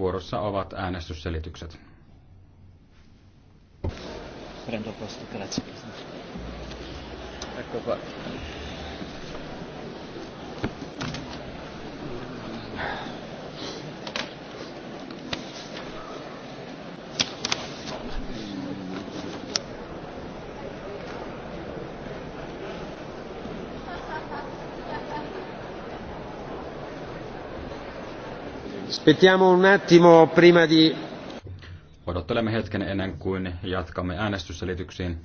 Vuorossa ovat äänestysselitykset. Prendo posto, grazie. Ecco qua. Aspettiamo un attimo prima di... Odottelemme hetken ennen kuin jatkamme äänestysselityksiin.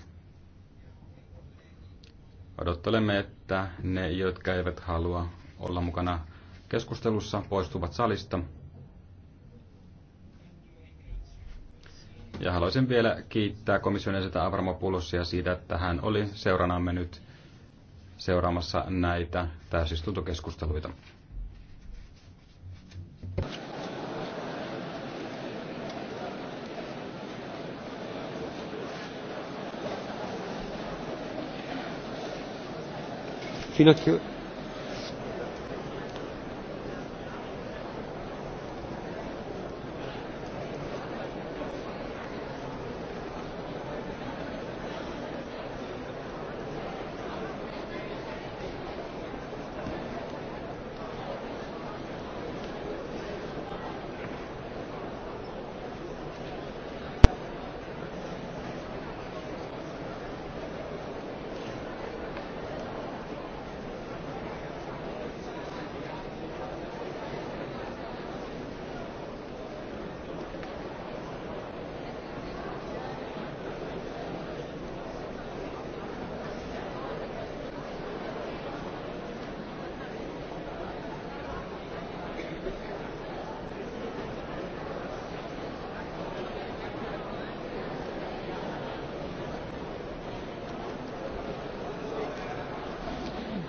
Odottelemme, että ne, jotka eivät halua olla mukana keskustelussa, poistuvat salista. Ja haluaisin vielä kiittää komission jäsentä Avramopoulosia siitä, että hän oli seuranamme nyt seuraamassa näitä täysistuntokeskusteluita. Siinä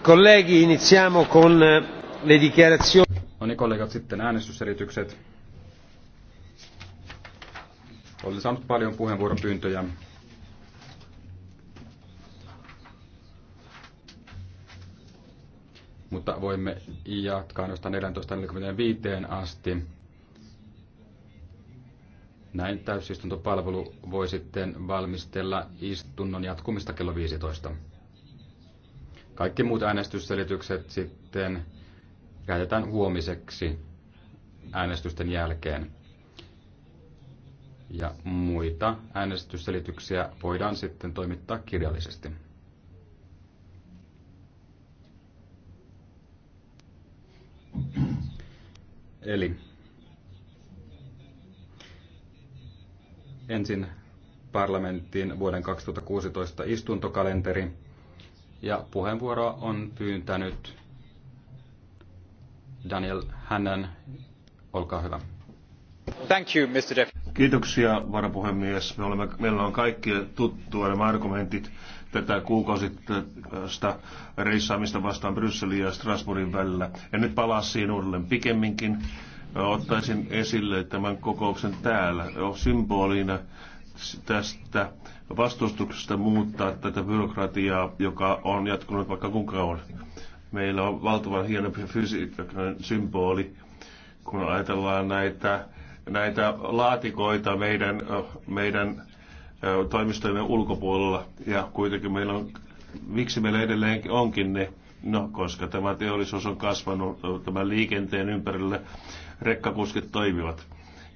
Eh, no niin, kollegat, sitten äänestysselitykset. Olen saanut paljon puheenvuoropyyntöjä. Mutta voimme jatkaa noista 14.45 asti. Näin täysistuntopalvelu voi sitten valmistella istunnon jatkumista kello 15. Kaikki muut äänestysselitykset sitten käytetään huomiseksi äänestysten jälkeen. Ja muita äänestysselityksiä voidaan sitten toimittaa kirjallisesti. Eli ensin parlamentin vuoden 2016 istuntokalenteri. Ja puheenvuoroa on pyyntänyt Daniel Hannan. Olkaa hyvä. Thank you, Mr. Def- Kiitoksia, varapuhemies. Me olemme, meillä on kaikki tuttuja nämä argumentit tätä kuukausittaista reissaamista vastaan Brysselin ja Strasbourgin välillä. En nyt palaa siihen uudelleen pikemminkin. Ottaisin esille tämän kokouksen täällä symboliina tästä vastustuksesta muuttaa tätä byrokratiaa, joka on jatkunut vaikka kuinka on. Meillä on valtavan hieno fysiikkainen symboli, kun ajatellaan näitä, näitä laatikoita meidän, meidän toimistojen ulkopuolella. Ja kuitenkin meillä on, miksi meillä edelleenkin onkin ne, no koska tämä teollisuus on kasvanut tämän liikenteen ympärille, rekkakuskit toimivat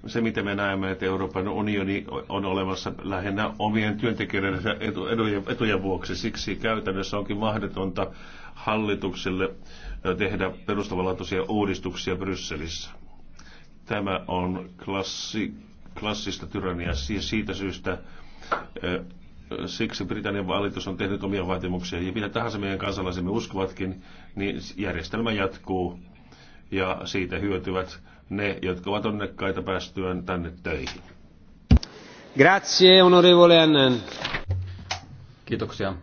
se, mitä me näemme, että Euroopan unioni on olemassa lähinnä omien työntekijöiden etujen, etujen vuoksi. Siksi käytännössä onkin mahdotonta hallitukselle tehdä perustavanlaatuisia uudistuksia Brysselissä. Tämä on klassi, klassista tyrannia siitä syystä, siksi Britannian valitus on tehnyt omia vaatimuksia ja mitä tahansa meidän kansalaisemme uskovatkin, niin järjestelmä jatkuu ja siitä hyötyvät ne, jotka ovat onnekkaita päästyään tänne töihin. Grazie, onorevole Annan. Kiitoksia.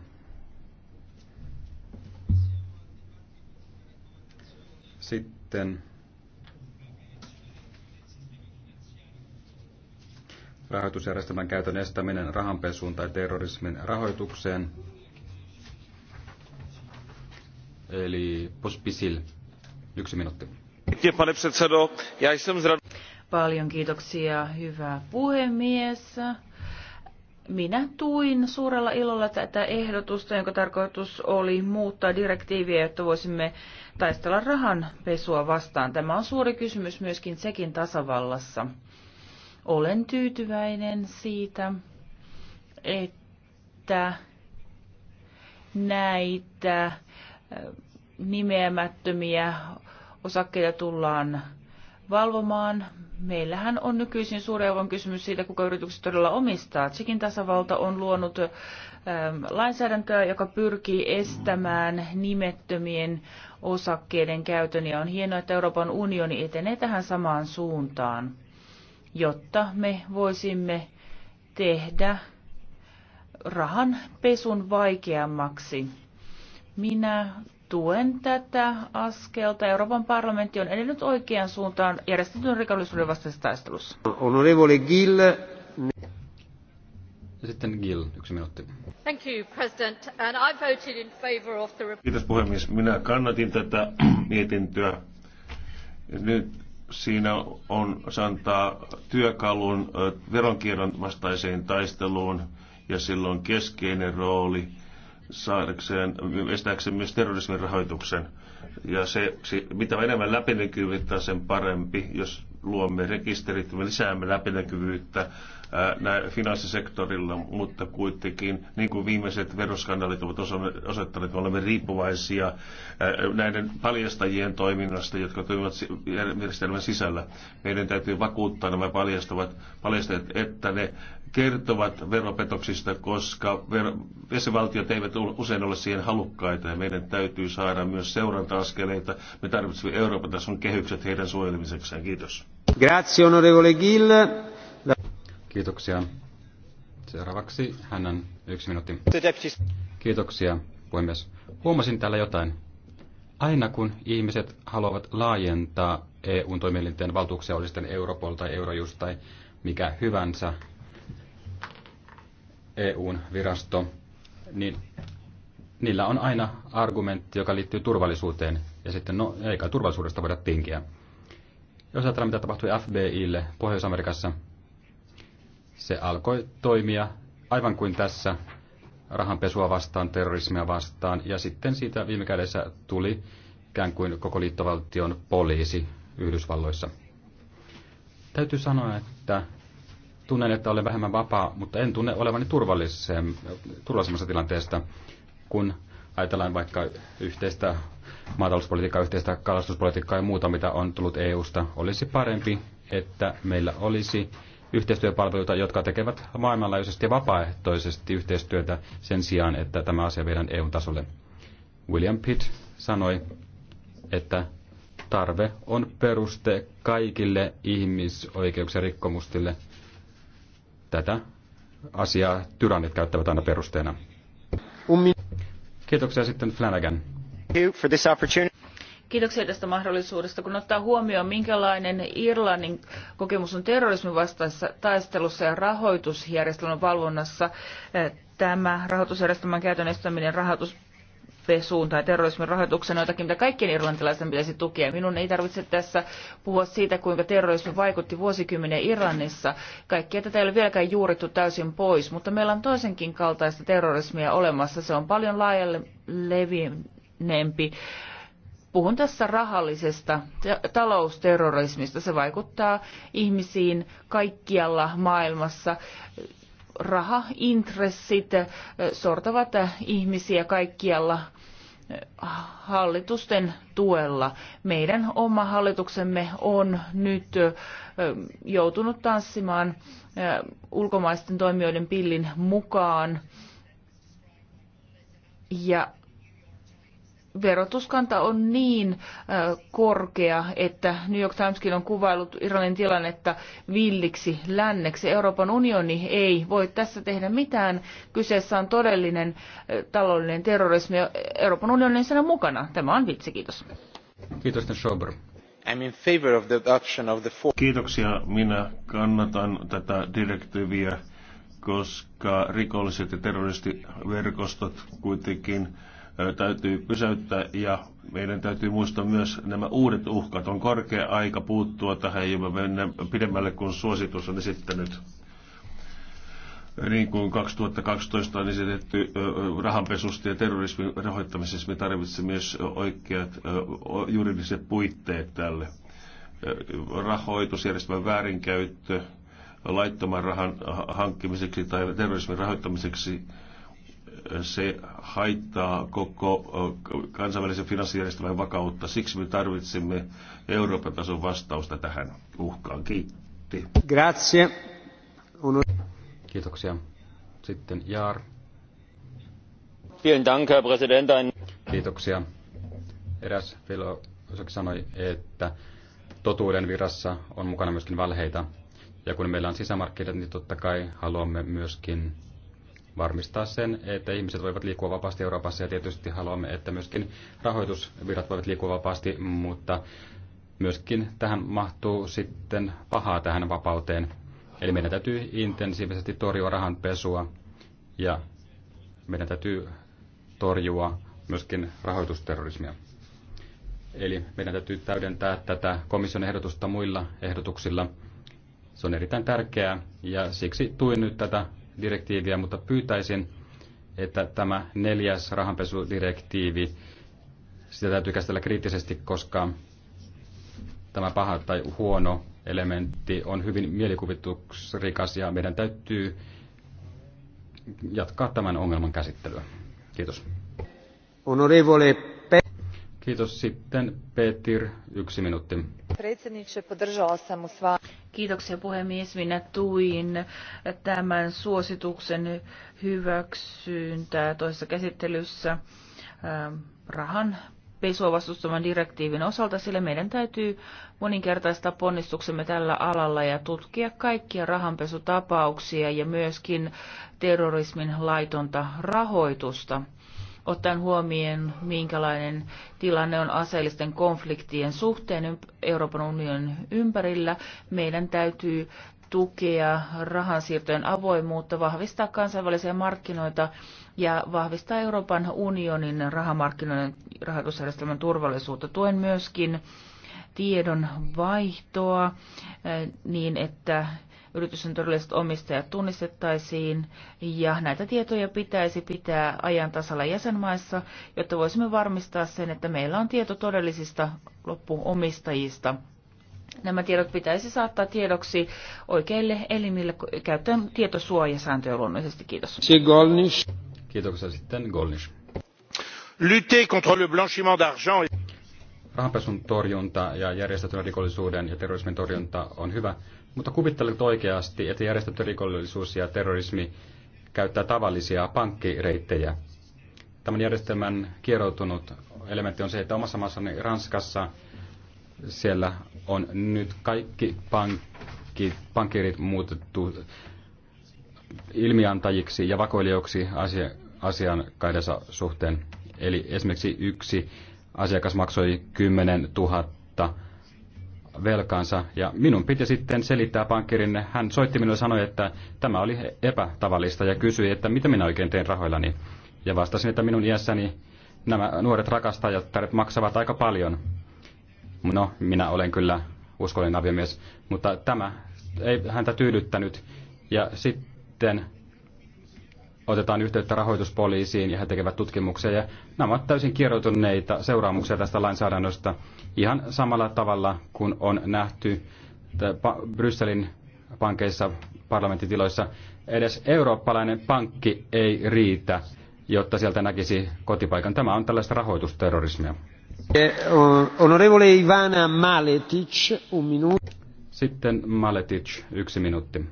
Sitten rahoitusjärjestelmän käytön estäminen rahanpesuun tai terrorismin rahoitukseen. Eli Pospisil, yksi minuutti. Paljon kiitoksia, hyvä puhemies. Minä tuin suurella ilolla tätä ehdotusta, jonka tarkoitus oli muuttaa direktiiviä, jotta voisimme taistella rahanpesua vastaan. Tämä on suuri kysymys myöskin sekin tasavallassa. Olen tyytyväinen siitä, että näitä nimeämättömiä osakkeita tullaan valvomaan. Meillähän on nykyisin suuri avon kysymys siitä, kuka yritykset todella omistaa. Tsekin tasavalta on luonut ähm, lainsäädäntöä, joka pyrkii estämään nimettömien osakkeiden käytön. Ja on hienoa, että Euroopan unioni etenee tähän samaan suuntaan, jotta me voisimme tehdä rahan pesun vaikeammaksi. Minä tuen tätä askelta. Euroopan parlamentti on edennyt oikeaan suuntaan järjestetyn rikollisuuden vastaisessa taistelussa. Honorevole Gill. Sitten Gill, yksi minuutti. Thank you, President, and I voted in favor of the... Kiitos puhemies. Minä kannatin tätä mietintöä. Nyt siinä on, santaa työkalun veronkierron vastaiseen taisteluun ja sillä on keskeinen rooli saadakseen, estääkseen myös terrorismin rahoituksen. Ja se, se mitä enemmän läpinäkyvyyttä, sen parempi, jos luomme rekisterit, me lisäämme läpinäkyvyyttä finanssisektorilla, mutta kuitenkin, niin kuin viimeiset veroskandaalit ovat osoittaneet, me olemme riippuvaisia näiden paljastajien toiminnasta, jotka toimivat järjestelmän sisällä. Meidän täytyy vakuuttaa nämä paljastavat, paljastajat, että ne kertovat veropetoksista, koska vesivaltiot eivät usein ole siihen halukkaita ja meidän täytyy saada myös seuranta-askeleita. Me tarvitsemme Euroopan tason kehykset heidän suojelemisekseen. Kiitos. Grazie, onorevole Gill. Kiitoksia. Seuraavaksi hän on yksi minuutti. Kiitoksia, puhemies. Huomasin täällä jotain. Aina kun ihmiset haluavat laajentaa EUn toimielinten valtuuksia, oli sitten Europol tai Eurojust tai mikä hyvänsä EUn virasto, niin niillä on aina argumentti, joka liittyy turvallisuuteen. Ja sitten, no eikä turvallisuudesta voida tinkiä. Jos ajatellaan, mitä tapahtui FBIlle Pohjois-Amerikassa, se alkoi toimia aivan kuin tässä rahanpesua vastaan, terrorismia vastaan, ja sitten siitä viime kädessä tuli ikään kuin koko liittovaltion poliisi Yhdysvalloissa. Täytyy sanoa, että tunnen, että olen vähemmän vapaa, mutta en tunne olevani turvallisemmassa tilanteesta, kun ajatellaan vaikka yhteistä maatalouspolitiikkaa, yhteistä kalastuspolitiikkaa ja muuta, mitä on tullut EUsta. Olisi parempi, että meillä olisi yhteistyöpalveluita, jotka tekevät maailmanlaajuisesti vapaaehtoisesti yhteistyötä sen sijaan, että tämä asia viedään EU-tasolle. William Pitt sanoi, että tarve on peruste kaikille ihmisoikeuksien rikkomustille. Tätä asiaa tyrannit käyttävät aina perusteena. Kiitoksia sitten Flanagan. Kiitoksia tästä mahdollisuudesta. Kun ottaa huomioon, minkälainen Irlannin kokemus on terrorismin vastaisessa taistelussa ja rahoitusjärjestelmän valvonnassa, eh, tämä rahoitusjärjestelmän käytön estäminen rahoitus pesuun tai terrorismin rahoituksen jotakin mitä kaikkien irlantilaisten pitäisi tukea. Minun ei tarvitse tässä puhua siitä, kuinka terrorismi vaikutti vuosikymmenen Irlannissa. Kaikkea tätä ei ole vieläkään juurittu täysin pois, mutta meillä on toisenkin kaltaista terrorismia olemassa. Se on paljon laajalle levinneempi Puhun tässä rahallisesta talousterrorismista. Se vaikuttaa ihmisiin kaikkialla maailmassa. Rahaintressit sortavat ihmisiä kaikkialla hallitusten tuella. Meidän oma hallituksemme on nyt joutunut tanssimaan ulkomaisten toimijoiden pillin mukaan. Ja verotuskanta on niin äh, korkea, että New York Timeskin on kuvailut Irlannin tilannetta villiksi länneksi. Euroopan unioni ei voi tässä tehdä mitään. Kyseessä on todellinen äh, taloudellinen terrorismi. Euroopan unioni on mukana. Tämä on vitsi. Kiitos. Kiitos, Schober. I'm in favor of the adoption of the four... Kiitoksia. Minä kannatan tätä direktiiviä, koska rikolliset ja terroristiverkostot kuitenkin täytyy pysäyttää ja meidän täytyy muistaa myös nämä uudet uhkat. On korkea aika puuttua tähän ja mennä pidemmälle kuin suositus on esittänyt niin kuin 2012 on esitetty rahanpesusta ja terrorismin rahoittamisessa, me tarvitsemme myös oikeat juridiset puitteet tälle. Rahoitusjärjestelmän väärinkäyttö laittoman rahan hankkimiseksi tai terrorismin rahoittamiseksi se haittaa koko kansainvälisen finanssijärjestelmän vakautta. Siksi me tarvitsemme Euroopan tason vastausta tähän uhkaan. Kiitti. Grazie. Kiitoksia. Sitten Jaar. Vielen Dank, Herr Präsident. Kiitoksia. Eräs filosofi sanoi, että totuuden virassa on mukana myöskin valheita. Ja kun meillä on sisämarkkinat, niin totta kai haluamme myöskin varmistaa sen, että ihmiset voivat liikkua vapaasti Euroopassa ja tietysti haluamme, että myöskin rahoitusvirrat voivat liikkua vapaasti, mutta myöskin tähän mahtuu sitten pahaa tähän vapauteen. Eli meidän täytyy intensiivisesti torjua rahanpesua ja meidän täytyy torjua myöskin rahoitusterrorismia. Eli meidän täytyy täydentää tätä komission ehdotusta muilla ehdotuksilla. Se on erittäin tärkeää ja siksi tuin nyt tätä direktiiviä, mutta pyytäisin, että tämä neljäs rahanpesudirektiivi, sitä täytyy käsitellä kriittisesti, koska tämä paha tai huono elementti on hyvin mielikuvituksrikas ja meidän täytyy jatkaa tämän ongelman käsittelyä. Kiitos. Onorevole Kiitos sitten Petir, yksi Kiitoksia puhemies. Minä tuin tämän suosituksen hyväksyntää toisessa käsittelyssä ähm, rahan pesua vastustavan direktiivin osalta, sillä meidän täytyy moninkertaistaa ponnistuksemme tällä alalla ja tutkia kaikkia rahanpesutapauksia ja myöskin terrorismin laitonta rahoitusta ottaen huomioon, minkälainen tilanne on aseellisten konfliktien suhteen Euroopan unionin ympärillä. Meidän täytyy tukea rahansiirtojen avoimuutta, vahvistaa kansainvälisiä markkinoita ja vahvistaa Euroopan unionin rahamarkkinoiden rahoitusjärjestelmän turvallisuutta. Tuen myöskin tiedon vaihtoa eh, niin, että Yrityksen todelliset omistajat tunnistettaisiin ja näitä tietoja pitäisi pitää ajan tasalla jäsenmaissa, jotta voisimme varmistaa sen, että meillä on tieto todellisista loppuomistajista. Nämä tiedot pitäisi saattaa tiedoksi oikeille elimille käyttöön tietosuojasääntöjä luonnollisesti. Kiitos. Kiitoksia sitten Golnish. Lutter contre le blanchiment d'argent rahanpesun torjunta ja järjestetyn rikollisuuden ja terrorismin torjunta on hyvä mutta kuvitteletko oikeasti, että järjestetty rikollisuus ja terrorismi käyttää tavallisia pankkireittejä? Tämän järjestelmän kieroutunut elementti on se, että omassa maassani Ranskassa siellä on nyt kaikki pankki, pankkirit muutettu ilmiantajiksi ja vakoilijoiksi asia, asiakkaidensa suhteen. Eli esimerkiksi yksi asiakas maksoi 10 000 velkaansa. Ja minun piti sitten selittää pankkirinne. Hän soitti minulle ja sanoi, että tämä oli epätavallista ja kysyi, että mitä minä oikein teen rahoillani. Ja vastasin, että minun iässäni nämä nuoret rakastajat maksavat aika paljon. No, minä olen kyllä uskollinen aviomies, mutta tämä ei häntä tyydyttänyt. Ja sitten otetaan yhteyttä rahoituspoliisiin ja he tekevät tutkimuksia. Ja nämä ovat täysin kieroutuneita seuraamuksia tästä lainsäädännöstä ihan samalla tavalla kuin on nähty Brysselin pankeissa, parlamenttitiloissa. Edes eurooppalainen pankki ei riitä, jotta sieltä näkisi kotipaikan. Tämä on tällaista rahoitusterrorismia. Eh, Ivana minuutti. Sitten Maletic, yksi minuutti.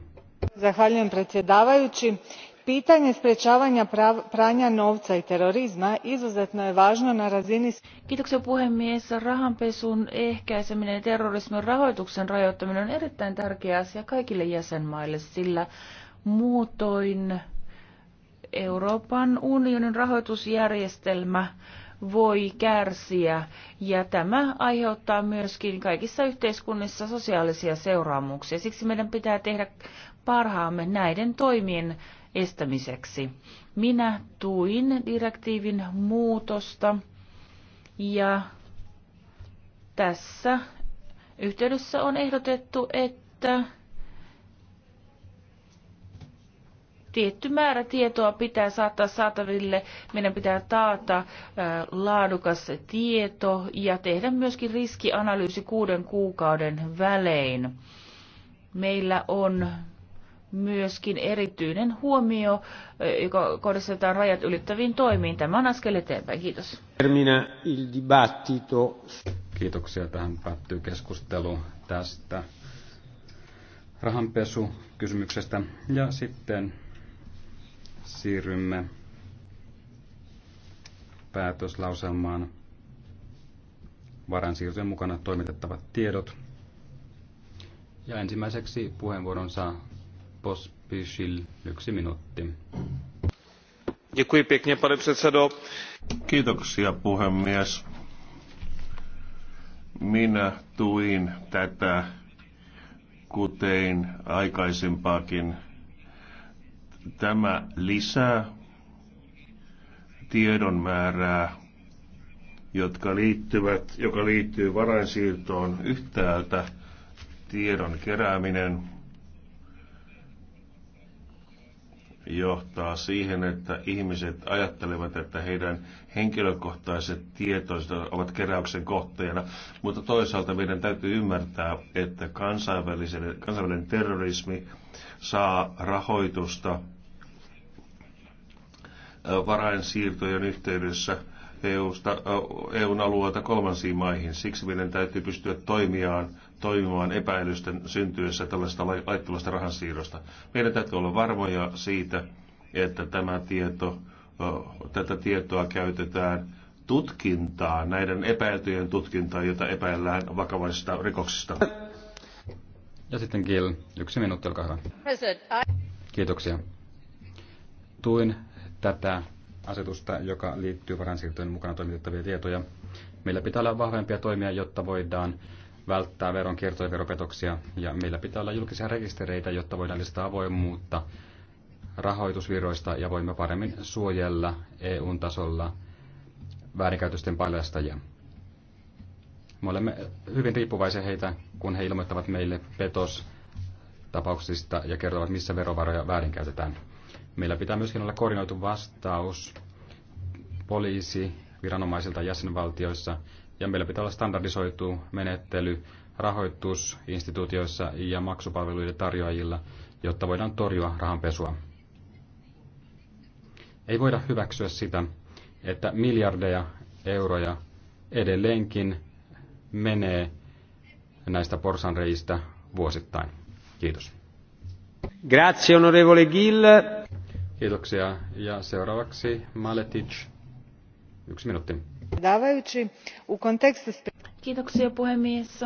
Zahvaljujem predsjedavajući pitanje sprječavanja pranja novca i terrorizma izuzetno je važno na razini. Kiitoksia puhemies. Rahanpesun ehkäiseminen ja terrorismin rahoituksen rajoittaminen on erittäin tärkeä asia kaikille jäsenmaille, sillä muutoin Euroopan unionin rahoitusjärjestelmä voi kärsiä ja tämä aiheuttaa myöskin kaikissa yhteiskunnissa sosiaalisia seuraamuksia. Siksi meidän pitää tehdä parhaamme näiden toimien estämiseksi. Minä tuin direktiivin muutosta ja tässä yhteydessä on ehdotettu, että tietty määrä tietoa pitää saattaa saataville. Meidän pitää taata laadukas tieto ja tehdä myöskin riskianalyysi kuuden kuukauden välein. Meillä on myöskin erityinen huomio, joka kohdistetaan rajat ylittäviin toimiin. Tämä on askel eteenpäin. Kiitos. Termina il dibattito. Kiitoksia. Tähän päättyy keskustelu tästä rahanpesukysymyksestä. Ja sitten siirrymme päätöslauselmaan varansiirtojen mukana toimitettavat tiedot. Ja ensimmäiseksi puheenvuoron saa pane Kiitoksia, puhemies. Minä tuin tätä, kuten aikaisempaakin. Tämä lisää tiedon määrää, jotka liittyvät, joka liittyy varainsiirtoon yhtäältä tiedon kerääminen johtaa siihen, että ihmiset ajattelevat, että heidän henkilökohtaiset tietoiset ovat keräyksen kohteena, mutta toisaalta meidän täytyy ymmärtää, että kansainvälinen, kansainvälinen terrorismi saa rahoitusta varainsiirtojen yhteydessä eu EUn alueelta kolmansiin maihin. Siksi meidän täytyy pystyä toimiaan toimimaan epäilysten syntyessä tällaista laittomasta rahansiirrosta. Meidän täytyy olla varmoja siitä, että tämä tieto, tätä tietoa käytetään tutkintaa, näiden epäiltyjen tutkintaa, jota epäillään vakavaisista rikoksista. Ja sitten Gil, yksi minuutti, olkaa hyvä. Kiitoksia. Tuin tätä asetusta, joka liittyy varansiirtojen mukana toimitettavia tietoja. Meillä pitää olla vahvempia toimia, jotta voidaan välttää veronkiertoja ja veropetoksia, ja meillä pitää olla julkisia rekistereitä, jotta voidaan lisätä avoimuutta rahoitusviroista ja voimme paremmin suojella eu tasolla väärinkäytösten paljastajia. Me olemme hyvin riippuvaisia heitä, kun he ilmoittavat meille petostapauksista ja kertovat, missä verovaroja väärinkäytetään. Meillä pitää myöskin olla koordinoitu vastaus poliisi viranomaisilta jäsenvaltioissa ja meillä pitää olla standardisoitu menettely rahoitusinstituutioissa ja maksupalveluiden tarjoajilla, jotta voidaan torjua rahanpesua. Ei voida hyväksyä sitä, että miljardeja euroja edelleenkin menee näistä porsanreistä vuosittain. Kiitos. Grazie, onorevole Gill. Kiitoksia. Ja seuraavaksi Maletic. Yksi minuutti. Kiitoksia puhemies.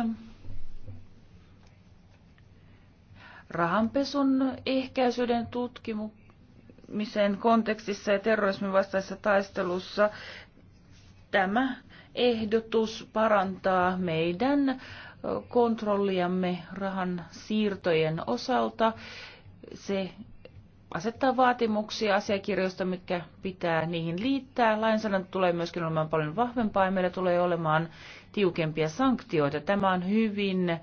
Rahanpesun ehkäisyn tutkimisen kontekstissa ja terrorismin vastaisessa taistelussa tämä ehdotus parantaa meidän kontrolliamme rahan siirtojen osalta. Se asettaa vaatimuksia asiakirjoista, mitkä pitää niihin liittää. Lainsäädäntö tulee myöskin olemaan paljon vahvempaa ja meillä tulee olemaan tiukempia sanktioita. Tämä on hyvin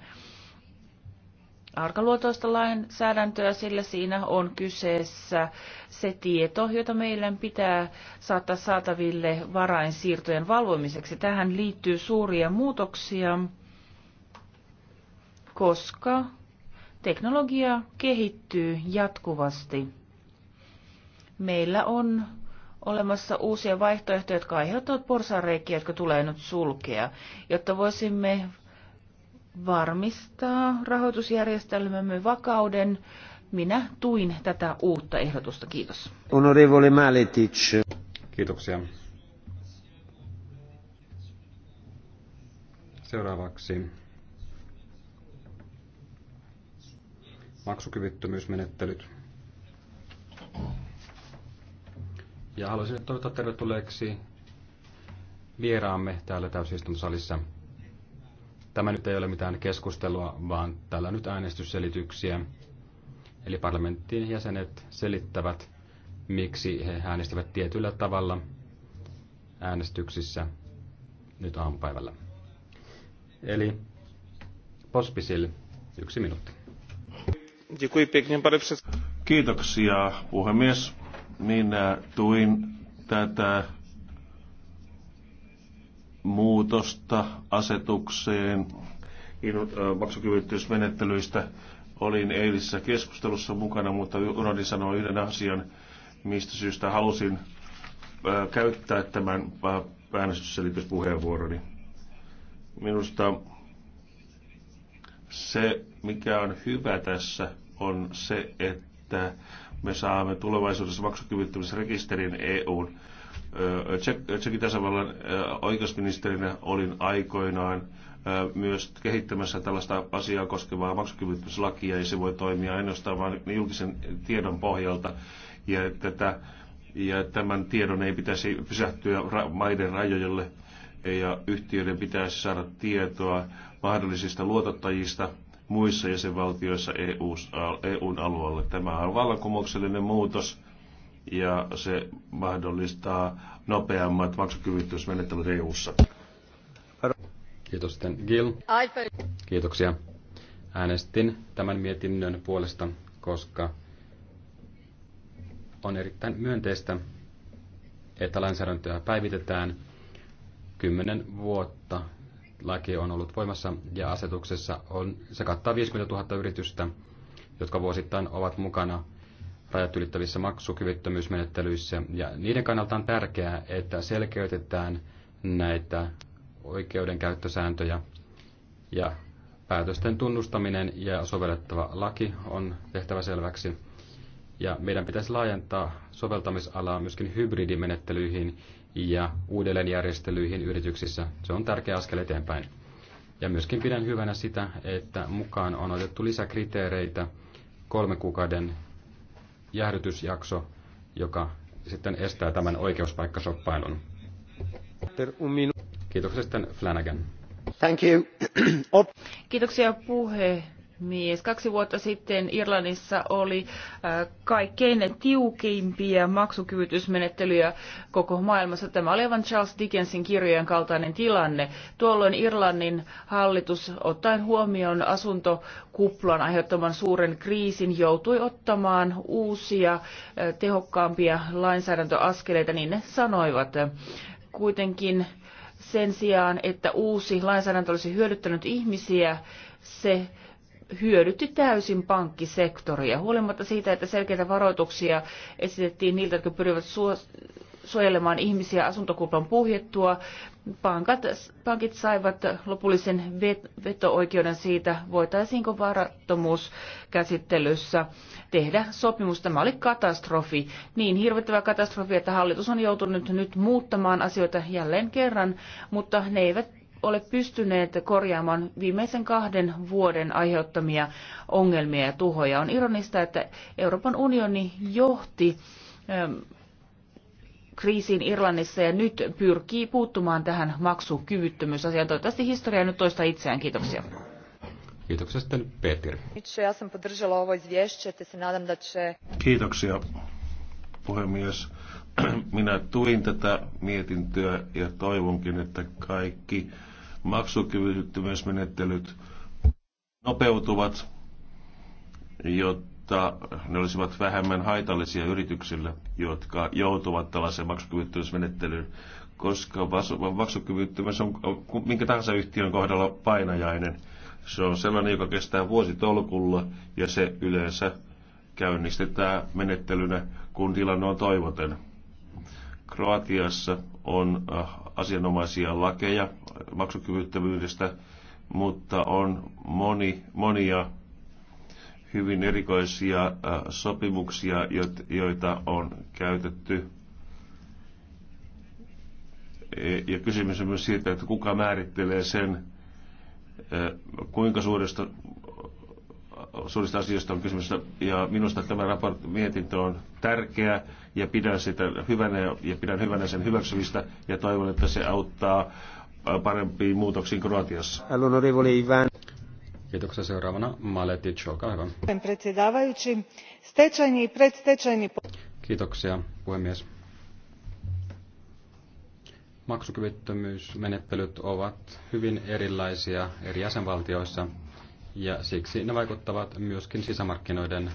arkaluotoista lainsäädäntöä, sillä siinä on kyseessä se tieto, jota meidän pitää saattaa saataville varainsiirtojen valvomiseksi. Tähän liittyy suuria muutoksia, koska Teknologia kehittyy jatkuvasti. Meillä on olemassa uusia vaihtoehtoja, jotka aiheuttavat porsareikiä, jotka tulee nyt sulkea, jotta voisimme varmistaa rahoitusjärjestelmämme vakauden. Minä tuin tätä uutta ehdotusta. Kiitos. Honorevole Maletic. Kiitoksia. Seuraavaksi maksukyvyttömyysmenettelyt. Ja haluaisin toivottaa tervetulleeksi vieraamme täällä täysistuntosalissa. Tämä nyt ei ole mitään keskustelua, vaan täällä nyt äänestysselityksiä. Eli parlamenttiin jäsenet selittävät, miksi he äänestivät tietyllä tavalla äänestyksissä nyt aamupäivällä. Eli Pospisil, yksi minuutti. Kiitoksia puhemies. Minä tuin tätä muutosta asetukseen äh, maksukyvyttömyysmenettelyistä. Olin eilisessä keskustelussa mukana, mutta unohdin sanoa yhden asian, mistä syystä halusin äh, käyttää tämän äh, äänestysselityspuheenvuoroni. Minusta se mikä on hyvä tässä on se, että me saamme tulevaisuudessa maksukyvyttömyysrekisterin EUn. Tsekin tasavallan oikeusministerinä olin aikoinaan myös kehittämässä tällaista asiaa koskevaa maksukyvyttömyyslakia, ja se voi toimia ainoastaan vain julkisen tiedon pohjalta. Ja, tätä, ja tämän tiedon ei pitäisi pysähtyä maiden rajoille, ja yhtiöiden pitäisi saada tietoa mahdollisista luotottajista, muissa jäsenvaltioissa EUn e alueelle. Tämä on vallankumouksellinen muutos ja se mahdollistaa nopeammat maksukyvyttömyysmenettelyt EU:ssa. Kiitos sitten Gil. Kiitoksia. Äänestin tämän mietinnön puolesta, koska on erittäin myönteistä, että lainsäädäntöä päivitetään kymmenen vuotta laki on ollut voimassa ja asetuksessa on, se kattaa 50 000 yritystä, jotka vuosittain ovat mukana rajat ylittävissä maksukyvyttömyysmenettelyissä. Ja niiden kannalta on tärkeää, että selkeytetään näitä oikeudenkäyttösääntöjä ja päätösten tunnustaminen ja sovellettava laki on tehtävä selväksi. Ja meidän pitäisi laajentaa soveltamisalaa myöskin hybridimenettelyihin ja uudelleenjärjestelyihin yrityksissä. Se on tärkeä askel eteenpäin. Ja myöskin pidän hyvänä sitä, että mukaan on otettu lisäkriteereitä, kolme kuukauden jäähdytysjakso, joka sitten estää tämän oikeuspaikkashoppailun. Kiitoksia sitten Flanagan. Thank you. Kiitoksia puhe mies. Kaksi vuotta sitten Irlannissa oli äh, kaikkein tiukimpia maksukyvytysmenettelyjä koko maailmassa. Tämä oli aivan Charles Dickensin kirjojen kaltainen tilanne. Tuolloin Irlannin hallitus, ottaen huomioon asuntokuplan aiheuttaman suuren kriisin, joutui ottamaan uusia äh, tehokkaampia lainsäädäntöaskeleita, niin ne sanoivat. Kuitenkin sen sijaan, että uusi lainsäädäntö olisi hyödyttänyt ihmisiä, se hyödytti täysin pankkisektoria, huolimatta siitä, että selkeitä varoituksia esitettiin niiltä, jotka pyrivät suojelemaan ihmisiä asuntokuplan puhjettua. Pankat, pankit saivat lopullisen veto-oikeuden siitä, voitaisiinko varattomuuskäsittelyssä tehdä sopimus. Tämä oli katastrofi, niin hirvittävä katastrofi, että hallitus on joutunut nyt muuttamaan asioita jälleen kerran, mutta ne eivät ole pystyneet korjaamaan viimeisen kahden vuoden aiheuttamia ongelmia ja tuhoja. On ironista, että Euroopan unioni johti ähm, kriisiin Irlannissa ja nyt pyrkii puuttumaan tähän maksukyvyttömyysasiaan. Toivottavasti historia nyt toista itseään. Kiitoksia. Kiitoksia sitten Peter. Kiitoksia puhemies. Minä tuin tätä mietintöä ja toivonkin, että kaikki maksukyvyttömyysmenettelyt nopeutuvat, jotta ne olisivat vähemmän haitallisia yrityksille, jotka joutuvat tällaiseen maksukyvyttömyysmenettelyyn, koska maksukyvyttömyys on minkä tahansa yhtiön kohdalla painajainen. Se on sellainen, joka kestää vuositolkulla ja se yleensä käynnistetään menettelynä, kun tilanne on toivoten. Kroatiassa on äh, asianomaisia lakeja maksukyvyttömyydestä, mutta on moni, monia hyvin erikoisia äh, sopimuksia, joita on käytetty. E, ja kysymys on myös siitä, että kuka määrittelee sen, äh, kuinka suurista, suurista asioista on kysymys. Ja minusta tämä raport, mietintö on tärkeä ja pidän sitä hyvänä ja pidän hyvänä sen hyväksymistä ja toivon, että se auttaa parempiin muutoksiin Kroatiassa. Kiitoksia seuraavana. Maletic, olkaa hyvä. Kiitoksia, puhemies. Maksukyvyttömyysmenettelyt ovat hyvin erilaisia eri jäsenvaltioissa ja siksi ne vaikuttavat myöskin sisämarkkinoiden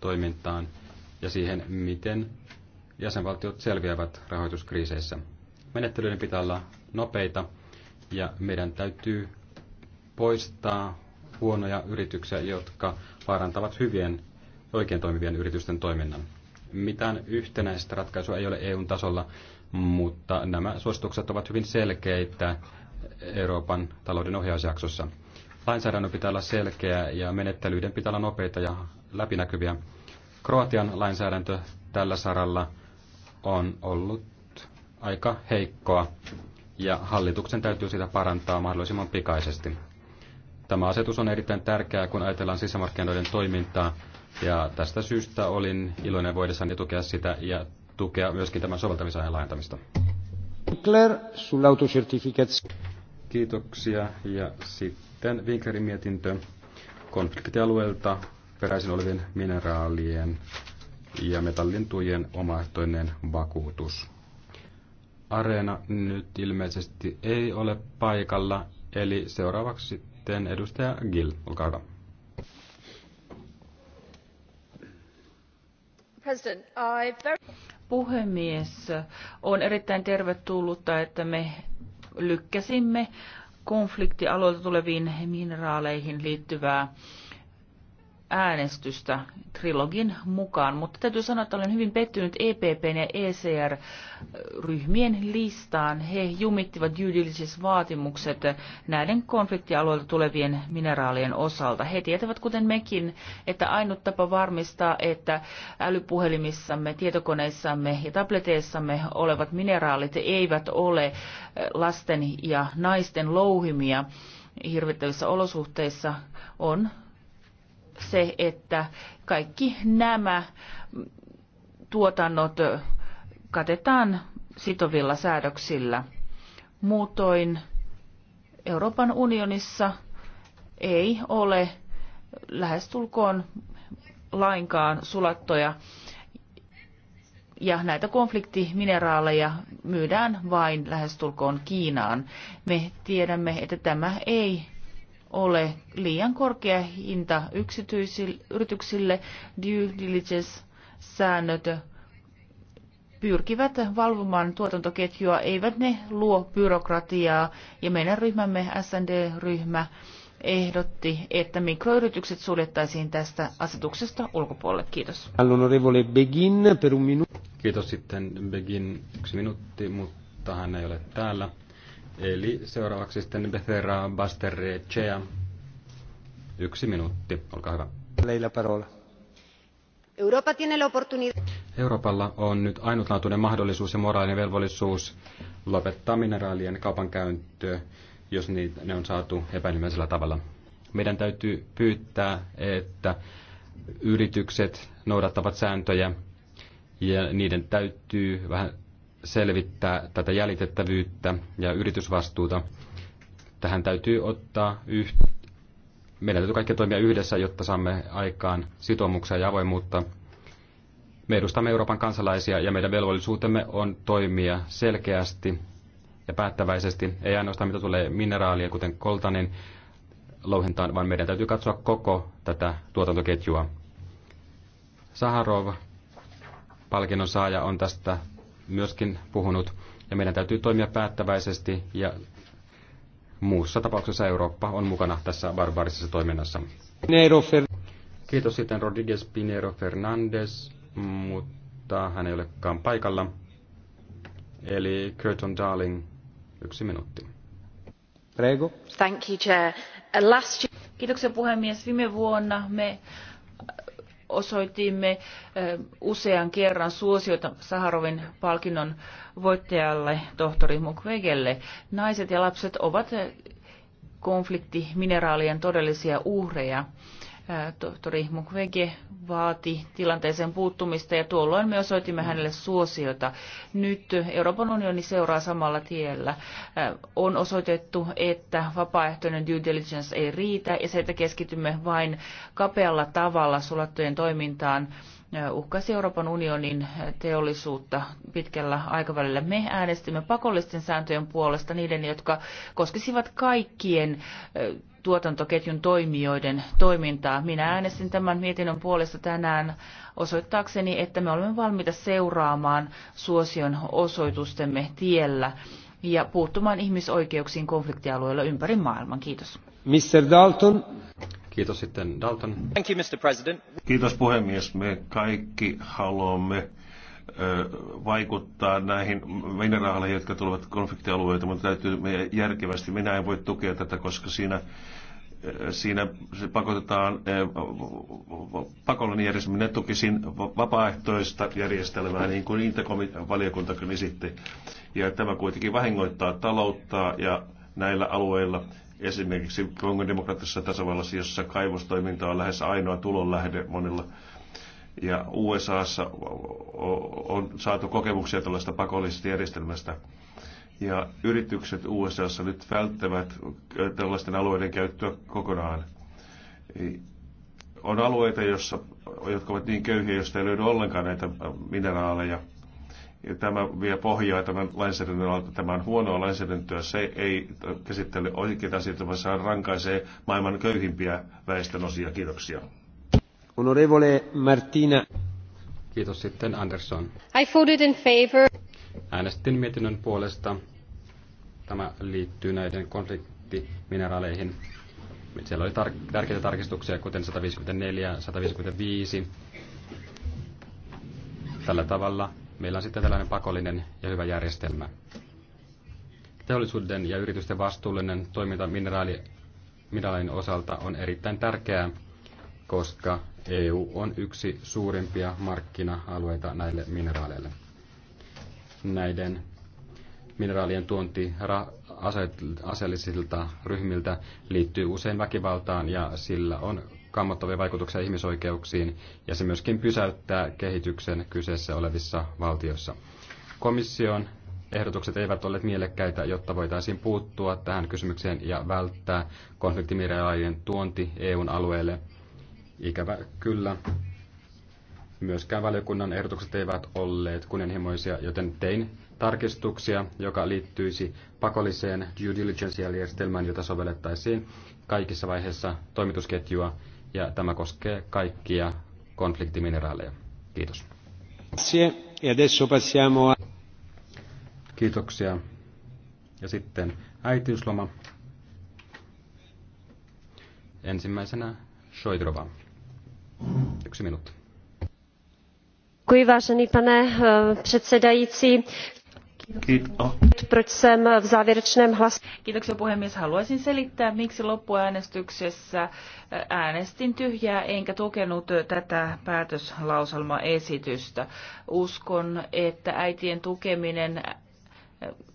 toimintaan – ja siihen, miten jäsenvaltiot selviävät rahoituskriiseissä. Menettelyiden pitää olla nopeita ja meidän täytyy poistaa huonoja yrityksiä, jotka vaarantavat hyvien, oikein toimivien yritysten toiminnan. Mitään yhtenäistä ratkaisua ei ole EUn tasolla, mutta nämä suositukset ovat hyvin selkeitä Euroopan talouden ohjausjaksossa. Lainsäädännön pitää olla selkeä ja menettelyiden pitää olla nopeita ja läpinäkyviä Kroatian lainsäädäntö tällä saralla on ollut aika heikkoa ja hallituksen täytyy sitä parantaa mahdollisimman pikaisesti. Tämä asetus on erittäin tärkeää, kun ajatellaan sisämarkkinoiden toimintaa ja tästä syystä olin iloinen voidessani tukea sitä ja tukea myöskin tämän soveltamisajan laajentamista. Kiitoksia. Ja sitten Winklerin mietintö konfliktialueelta peräisin olevien mineraalien ja metallintujen omaehtoinen vakuutus. Areena nyt ilmeisesti ei ole paikalla, eli seuraavaksi sitten edustaja Gil olkaa hyvä. Puhemies, on erittäin tervetullutta, että me lykkäsimme konfliktialoilta tuleviin mineraaleihin liittyvää äänestystä trilogin mukaan, mutta täytyy sanoa, että olen hyvin pettynyt EPPn ja ECR-ryhmien listaan. He jumittivat due vaatimukset näiden konfliktialueilta tulevien mineraalien osalta. He tietävät, kuten mekin, että ainut tapa varmistaa, että älypuhelimissamme, tietokoneissamme ja tableteissamme olevat mineraalit eivät ole eh, lasten ja naisten louhimia hirvittävissä olosuhteissa, on se, että kaikki nämä tuotannot katetaan sitovilla säädöksillä. Muutoin Euroopan unionissa ei ole lähestulkoon lainkaan sulattoja ja näitä konfliktimineraaleja myydään vain lähestulkoon Kiinaan. Me tiedämme, että tämä ei ole liian korkea hinta yksityisille yrityksille. Due diligence-säännöt pyrkivät valvomaan tuotantoketjua, eivät ne luo byrokratiaa. Ja meidän ryhmämme, SND-ryhmä, ehdotti, että mikroyritykset suljettaisiin tästä asetuksesta ulkopuolelle. Kiitos. Begin Kiitos sitten Begin yksi minuutti, mutta hän ei ole täällä. Eli seuraavaksi sitten Bethera Basterrecea. Yksi minuutti, olkaa hyvä. Leila Parola. Europa tiene la oportunidad. Euroopalla on nyt ainutlaatuinen mahdollisuus ja moraalinen velvollisuus lopettaa mineraalien kaupankäyntiä, jos niitä, ne on saatu epäilymäisellä tavalla. Meidän täytyy pyytää, että yritykset noudattavat sääntöjä ja niiden täytyy vähän selvittää tätä jäljitettävyyttä ja yritysvastuuta. Tähän täytyy ottaa yht... Meidän täytyy kaikki toimia yhdessä, jotta saamme aikaan sitoumuksia ja avoimuutta. Me edustamme Euroopan kansalaisia ja meidän velvollisuutemme on toimia selkeästi ja päättäväisesti, ei ainoastaan mitä tulee mineraalia, kuten koltanin louhintaan, vaan meidän täytyy katsoa koko tätä tuotantoketjua. Saharov palkinnon saaja on tästä myöskin puhunut. Ja meidän täytyy toimia päättäväisesti ja muussa tapauksessa Eurooppa on mukana tässä barbaarisessa toiminnassa. Kiitos sitten Rodriguez Pinero Fernandes, mutta hän ei olekaan paikalla. Eli Curtin Darling, yksi minuutti. Prego. Thank you, Chair. Last... Kiitoksia puhemies. Viime vuonna me osoitimme usean kerran suosiota Saharovin palkinnon voittajalle, tohtori Mukwegelle. Naiset ja lapset ovat konfliktimineraalien todellisia uhreja tohtori Mukwege vaati tilanteeseen puuttumista ja tuolloin me osoitimme hänelle suosiota. Nyt Euroopan unioni seuraa samalla tiellä. On osoitettu, että vapaaehtoinen due diligence ei riitä ja se, että keskitymme vain kapealla tavalla sulattujen toimintaan, uhkasi Euroopan unionin teollisuutta pitkällä aikavälillä. Me äänestimme pakollisten sääntöjen puolesta niiden, jotka koskisivat kaikkien tuotantoketjun toimijoiden toimintaa. Minä äänestin tämän mietinnön puolesta tänään osoittaakseni, että me olemme valmiita seuraamaan suosion osoitustemme tiellä ja puuttumaan ihmisoikeuksiin konfliktialueilla ympäri maailman. Kiitos. Mr. Dalton. Kiitos sitten Dalton. Thank you, Mr. President. Kiitos puhemies. Me kaikki haluamme vaikuttaa näihin mineraaleihin, jotka tulevat konfliktialueilta, mutta täytyy järkevästi. Minä en voi tukea tätä, koska siinä siinä se pakotetaan pakollinen järjestelmä. Ne tukisin vapaaehtoista järjestelmää, niin kuin Intercom-valiokuntakin esitti. Ja tämä kuitenkin vahingoittaa taloutta ja näillä alueilla, esimerkiksi Kongon demokraattisessa tasavallassa, jossa kaivostoiminta on lähes ainoa tulonlähde monilla ja USAssa on saatu kokemuksia tällaista pakollisesta järjestelmästä. Ja yritykset USAssa nyt välttävät tällaisten alueiden käyttöä kokonaan. On alueita, jossa, jotka ovat niin köyhiä, joista ei löydy ollenkaan näitä mineraaleja. Ja tämä vie pohjaa tämän lainsäädännön alta. Tämä on huonoa lainsäädäntöä. Se ei käsittele oikeita asioita, vaan rankaisee maailman köyhimpiä osia. Kiitoksia. Honorevole Martina. Kiitos sitten Anderson. I voted in favor. Äänestin mietinnön puolesta. Tämä liittyy näiden konfliktimineraaleihin. Siellä oli tar- tärkeitä tarkistuksia, kuten 154, 155. Tällä tavalla meillä on sitten tällainen pakollinen ja hyvä järjestelmä. Teollisuuden ja yritysten vastuullinen toiminta mineraali, mineraalin osalta on erittäin tärkeää koska EU on yksi suurimpia markkina-alueita näille mineraaleille. Näiden mineraalien tuonti aseellisilta ryhmiltä liittyy usein väkivaltaan ja sillä on kammottavia vaikutuksia ihmisoikeuksiin ja se myöskin pysäyttää kehityksen kyseessä olevissa valtioissa. Komission ehdotukset eivät olleet mielekkäitä, jotta voitaisiin puuttua tähän kysymykseen ja välttää konfliktimineraalien tuonti EUn alueelle – Ikävä kyllä. Myöskään valiokunnan ehdotukset eivät olleet kunnianhimoisia, joten tein tarkistuksia, joka liittyisi pakolliseen due diligence-järjestelmään, jota sovellettaisiin kaikissa vaiheissa toimitusketjua, ja tämä koskee kaikkia konfliktimineraaleja. Kiitos. E Kiitoksia. Ja sitten äitiysloma. Ensimmäisenä Shoidrova. Yksi minuutti. Vážený pane eh, předsedající, proč jsem v závěrečném hlasu... puhemies. Haluaisin selittää, miksi loppuäänestyksessä eh, äänestin tyhjää enkä tukenut tätä päätöslauselmaesitystä. Uskon, että äitien tukeminen eh,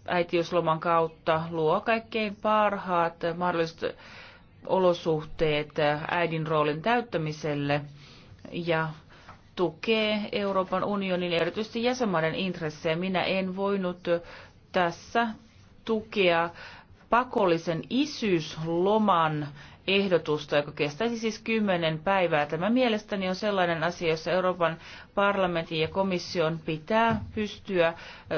äitiysloman kautta luo kaikkein parhaat mahdolliset olosuhteet äidin roolin täyttämiselle ja tukee Euroopan unionin erityisesti jäsenmaiden intressejä. Minä en voinut tässä tukea pakollisen isyysloman ehdotusta, joka kestäisi siis kymmenen päivää. Tämä mielestäni on sellainen asia, jossa Euroopan parlamentin ja komission pitää pystyä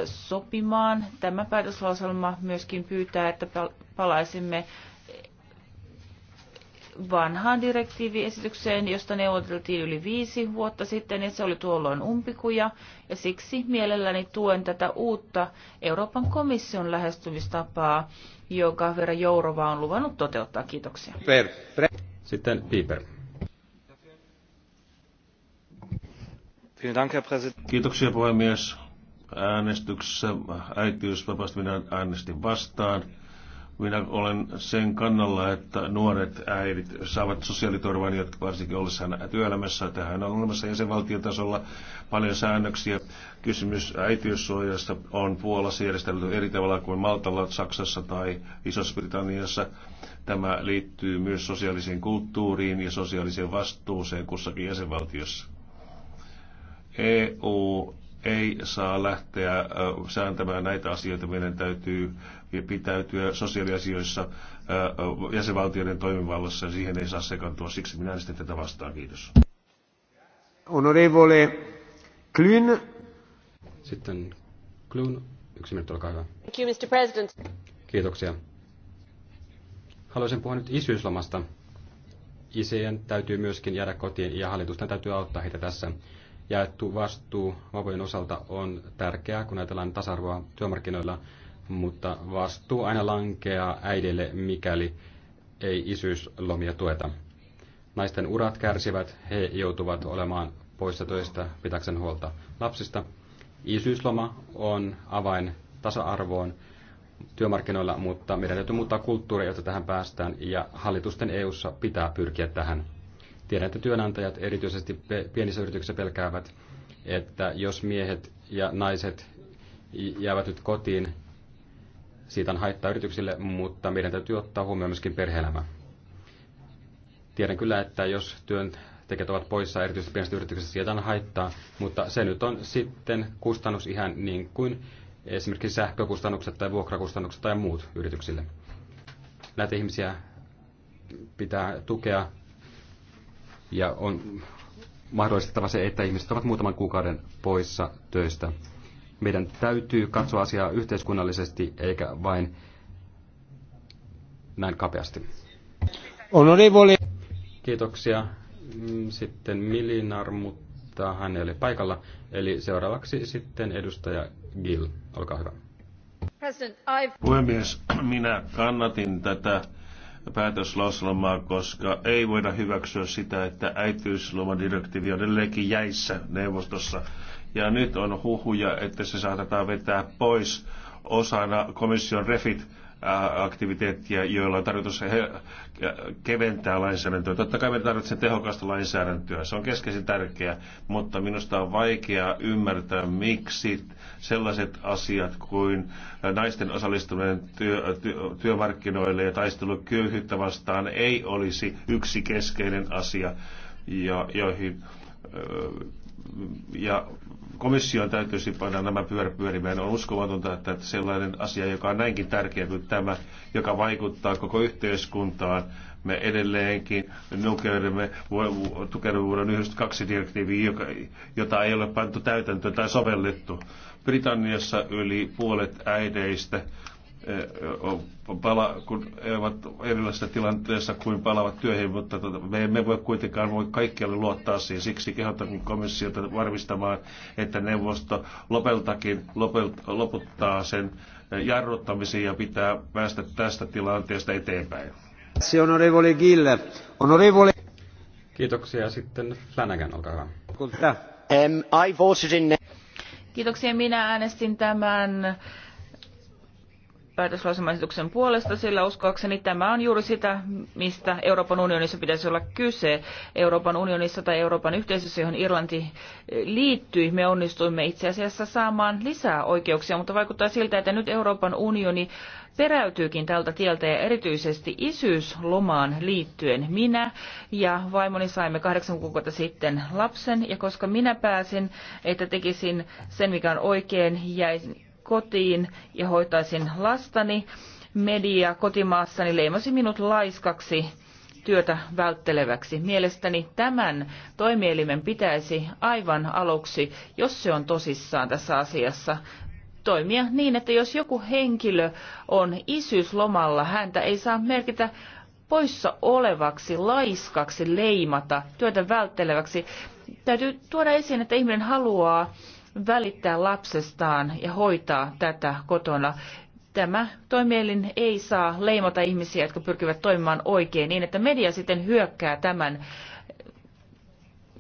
sopimaan. Tämä päätöslauselma myöskin pyytää, että palaisimme vanhaan direktiiviesitykseen, josta neuvoteltiin yli viisi vuotta sitten, ja se oli tuolloin umpikuja, ja siksi mielelläni tuen tätä uutta Euroopan komission lähestymistapaa, joka Vera Jourova on luvannut toteuttaa. Kiitoksia. Sitten Piper. Kiitoksia puhemies. Äänestyksessä äitiysvapaasta minä äänestin vastaan minä olen sen kannalla, että nuoret äidit saavat sosiaaliturvan, jotka varsinkin ollessaan työelämässä. Tähän on olemassa jäsenvaltiotasolla paljon säännöksiä. Kysymys äitiyssuojasta on Puolassa järjestelty eri tavalla kuin Maltalla, Saksassa tai Iso-Britanniassa. Tämä liittyy myös sosiaaliseen kulttuuriin ja sosiaaliseen vastuuseen kussakin jäsenvaltiossa. EU ei saa lähteä sääntämään näitä asioita. Meidän täytyy pitäytyä sosiaaliasioissa jäsenvaltioiden toimivallassa ja siihen ei saa sekantua. Siksi minä äänestän tätä vastaan. Kiitos. Honorevole Klyn. Sitten Klyn. Yksi minuutti, olkaa hyvä. Thank you, Mr. President. Kiitoksia. Haluaisin puhua nyt isyyslomasta. Isien täytyy myöskin jäädä kotiin ja hallitusten täytyy auttaa heitä tässä jaettu vastuu vapojen osalta on tärkeää, kun ajatellaan tasa-arvoa työmarkkinoilla, mutta vastuu aina lankeaa äidille, mikäli ei isyyslomia tueta. Naisten urat kärsivät, he joutuvat olemaan poissa töistä pitäkseen huolta lapsista. Isyysloma on avain tasa-arvoon työmarkkinoilla, mutta meidän täytyy muuttaa kulttuuria, jotta tähän päästään, ja hallitusten EU:ssa pitää pyrkiä tähän. Tiedän, että työnantajat erityisesti pienissä yrityksissä pelkäävät, että jos miehet ja naiset jäävät nyt kotiin, siitä on haittaa yrityksille, mutta meidän täytyy ottaa huomioon myöskin perheelämä. Tiedän kyllä, että jos työntekijät ovat poissa erityisesti pienistä yrityksistä, siitä on haittaa, mutta se nyt on sitten kustannus ihan niin kuin esimerkiksi sähkökustannukset tai vuokrakustannukset tai muut yrityksille. Näitä ihmisiä pitää tukea ja on mahdollistettava se, että ihmiset ovat muutaman kuukauden poissa töistä. Meidän täytyy katsoa asiaa yhteiskunnallisesti eikä vain näin kapeasti. Kiitoksia. Mm, sitten Milinar, mutta hän ei ole paikalla. Eli seuraavaksi sitten edustaja Gill. Olkaa hyvä. Puhemies, minä kannatin tätä päätöslauselmaa, koska ei voida hyväksyä sitä, että äitiyslomadirektiivi on edelleenkin jäissä neuvostossa. Ja nyt on huhuja, että se saatetaan vetää pois osana komission refit aktiviteettia, joilla on tarkoitus keventää lainsäädäntöä. Totta kai me tarvitsemme tehokasta lainsäädäntöä, se on keskeisen tärkeää, mutta minusta on vaikea ymmärtää, miksi sellaiset asiat kuin naisten osallistuminen työ, työ, työmarkkinoille ja taistelu köyhyyttä vastaan ei olisi yksi keskeinen asia, ja, joihin ja komission täytyisi panna nämä pyörä pyörimään. On uskomatonta, että sellainen asia, joka on näinkin tärkeä kuin tämä, joka vaikuttaa koko yhteiskuntaan, me edelleenkin nukeudumme, tukeudumme vuoden 92 direktiiviä, joka, jota ei ole pantu täytäntöön tai sovellettu. Britanniassa yli puolet äideistä pala, kun ovat erilaisessa tilanteessa kuin palavat työhön, mutta tota, me emme voi kuitenkaan voi kaikkialle luottaa siihen. Siksi kehotan komissiota varmistamaan, että neuvosto lopeltakin lopelt, loputtaa sen jarruttamisen ja pitää päästä tästä tilanteesta eteenpäin. Se onorevole Gill. Onorevole... Kiitoksia. Sitten Flanagan, olkaa hyvä. Um, I voted in... Kiitoksia. Minä äänestin tämän päätöslausumaisituksen puolesta, sillä uskoakseni tämä on juuri sitä, mistä Euroopan unionissa pitäisi olla kyse. Euroopan unionissa tai Euroopan yhteisössä, johon Irlanti eh, liittyi, me onnistuimme itse asiassa saamaan lisää oikeuksia, mutta vaikuttaa siltä, että nyt Euroopan unioni peräytyykin tältä tieltä ja erityisesti isyyslomaan liittyen minä ja vaimoni saimme kahdeksan kuukautta sitten lapsen ja koska minä pääsin, että tekisin sen mikä on oikein, jäin kotiin ja hoitaisin lastani. Media kotimaassani leimasi minut laiskaksi työtä vältteleväksi. Mielestäni tämän toimielimen pitäisi aivan aluksi, jos se on tosissaan tässä asiassa, toimia niin, että jos joku henkilö on isyyslomalla, häntä ei saa merkitä poissa olevaksi, laiskaksi leimata, työtä vältteleväksi. Täytyy tuoda esiin, että ihminen haluaa välittää lapsestaan ja hoitaa tätä kotona. Tämä toimielin ei saa leimata ihmisiä, jotka pyrkivät toimimaan oikein niin, että media sitten hyökkää tämän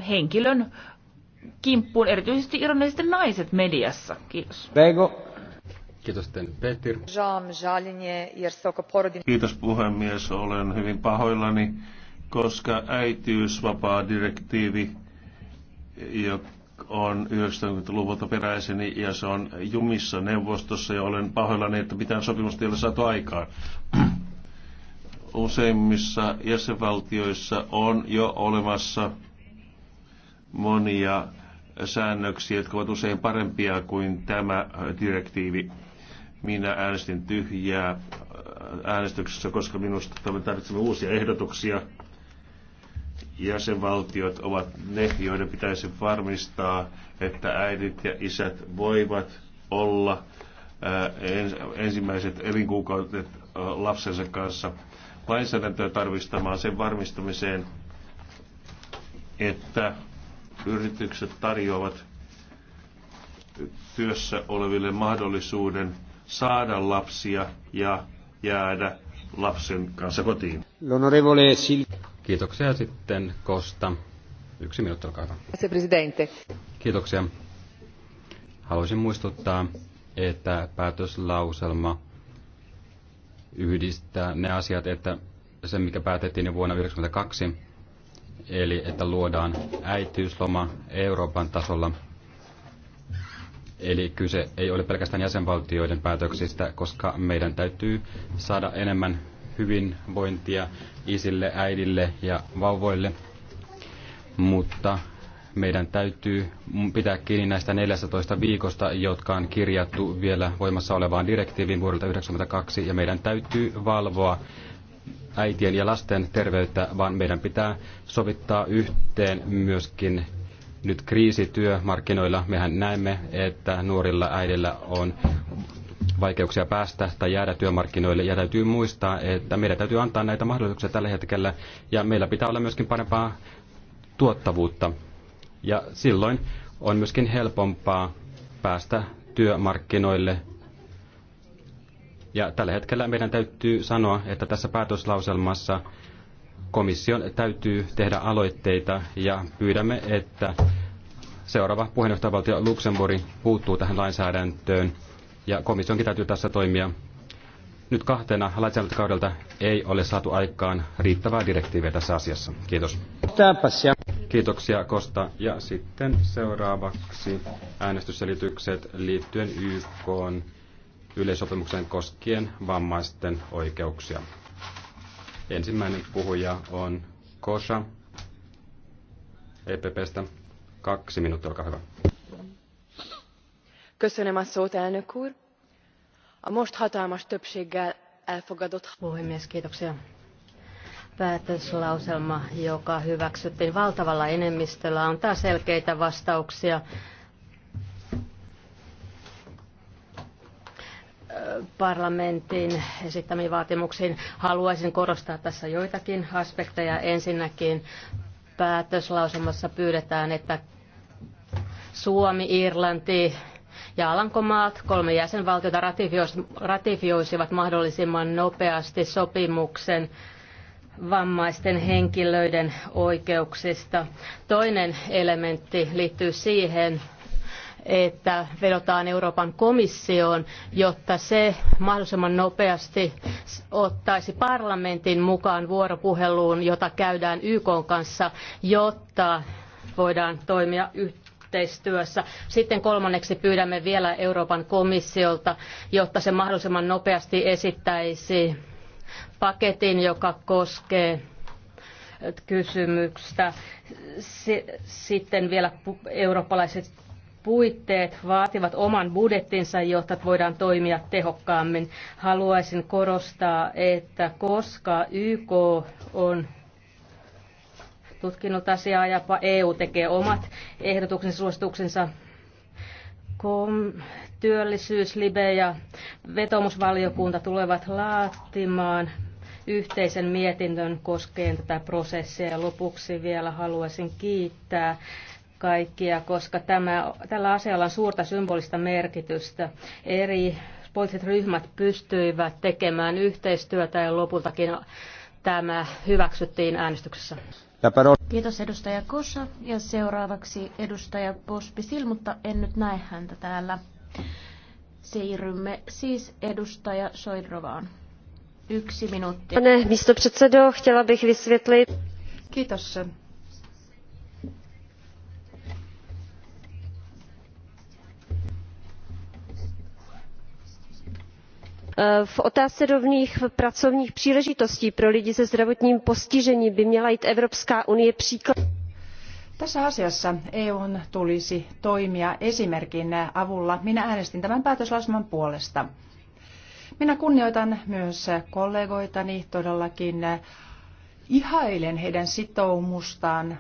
henkilön kimppuun, erityisesti ironisesti naiset mediassa. Kiitos. Bego. Kiitos teille, Petir. Kiitos puhemies. Olen hyvin pahoillani, koska äitiysvapaa-direktiivi, on 90-luvulta peräisin ja se on jumissa neuvostossa ja olen pahoillani, että mitään sopimusta ei ole saatu aikaan. Useimmissa jäsenvaltioissa on jo olemassa monia säännöksiä, jotka ovat usein parempia kuin tämä direktiivi. Minä äänestin tyhjää äänestyksessä, koska minusta tarvitsemme uusia ehdotuksia jäsenvaltiot ovat ne, joiden pitäisi varmistaa, että äidit ja isät voivat olla ensimmäiset elinkuukaudet lapsensa kanssa lainsäädäntöä tarvistamaan sen varmistamiseen, että yritykset tarjoavat työssä oleville mahdollisuuden saada lapsia ja jäädä lapsen kanssa kotiin. Kiitoksia sitten Kosta. Yksi minuutti, olkaa hyvä. Kiitoksia. Haluaisin muistuttaa, että päätöslauselma yhdistää ne asiat, että se mikä päätettiin jo vuonna 1992, eli että luodaan äitiysloma Euroopan tasolla. Eli kyse ei ole pelkästään jäsenvaltioiden päätöksistä, koska meidän täytyy saada enemmän hyvinvointia isille, äidille ja vauvoille, mutta meidän täytyy pitää kiinni näistä 14 viikosta, jotka on kirjattu vielä voimassa olevaan direktiiviin vuodelta 1992, ja meidän täytyy valvoa äitien ja lasten terveyttä, vaan meidän pitää sovittaa yhteen myöskin nyt kriisityömarkkinoilla. Mehän näemme, että nuorilla äidillä on vaikeuksia päästä tai jäädä työmarkkinoille. Ja täytyy muistaa, että meidän täytyy antaa näitä mahdollisuuksia tällä hetkellä ja meillä pitää olla myöskin parempaa tuottavuutta. Ja silloin on myöskin helpompaa päästä työmarkkinoille. Ja tällä hetkellä meidän täytyy sanoa, että tässä päätöslauselmassa komission täytyy tehdä aloitteita ja pyydämme, että seuraava puheenjohtajavaltio Luxemburg puuttuu tähän lainsäädäntöön ja komissionkin täytyy tässä toimia. Nyt kahtena lainsäädäntökaudelta ei ole saatu aikaan riittävää direktiiviä tässä asiassa. Kiitos. Kiitoksia Kosta. Ja sitten seuraavaksi äänestysselitykset liittyen YK yleisopimuksen koskien vammaisten oikeuksia. Ensimmäinen puhuja on Kosa EPPstä. Kaksi minuuttia, olkaa hyvä elnök úr a most hatalmas többséggel elfogadott. puhemies kiitoksia. päätöslauselma joka hyväksyttiin valtavalla enemmistöllä antaa selkeitä vastauksia parlamentin esittämiin vaatimuksiin. Haluaisin korostaa tässä joitakin aspekteja. Ensinnäkin päätöslauselmassa pyydetään, että Suomi, Irlanti, ja Alankomaat, kolme jäsenvaltiota, ratifioisivat mahdollisimman nopeasti sopimuksen vammaisten henkilöiden oikeuksista. Toinen elementti liittyy siihen, että vedotaan Euroopan komissioon, jotta se mahdollisimman nopeasti ottaisi parlamentin mukaan vuoropuheluun, jota käydään YK kanssa, jotta voidaan toimia yhteen yhteistyössä. Sitten kolmanneksi pyydämme vielä Euroopan komissiolta, jotta se mahdollisimman nopeasti esittäisi paketin, joka koskee äh, kysymystä. Sitten vielä eurooppalaiset puitteet vaativat oman budjettinsa, jotta voidaan toimia tehokkaammin. Haluaisin korostaa, että koska YK on tutkinut asiaa ja EU tekee omat ehdotuksensa suosituksensa. Kom, työllisyys, Libe ja vetomusvaliokunta tulevat laatimaan yhteisen mietinnön koskien tätä prosessia. Ja lopuksi vielä haluaisin kiittää kaikkia, koska tämä, tällä asialla on suurta symbolista merkitystä. Eri poliittiset ryhmät pystyivät tekemään yhteistyötä ja lopultakin tämä hyväksyttiin äänestyksessä. Kiitos edustaja Kosa ja seuraavaksi edustaja Pospisil, mutta en nyt näe häntä täällä. Siirrymme siis edustaja Soidrovaan. Yksi minuutti. Pane místopředsedo, chtěla bych vysvětlit. Kiitos Eh, v otázce rovných pracovních příležitostí pro lidi se zdravotním postižením by měla jít evropská unie příkladem. Tässä asiassa EUn tulisi toimia esimerkin avulla. Minä äänestin tämän päätöslauselman puolesta. Minä kunnioitan myös kollegoitani todellakin eh, ihailen heidän sitoumustaan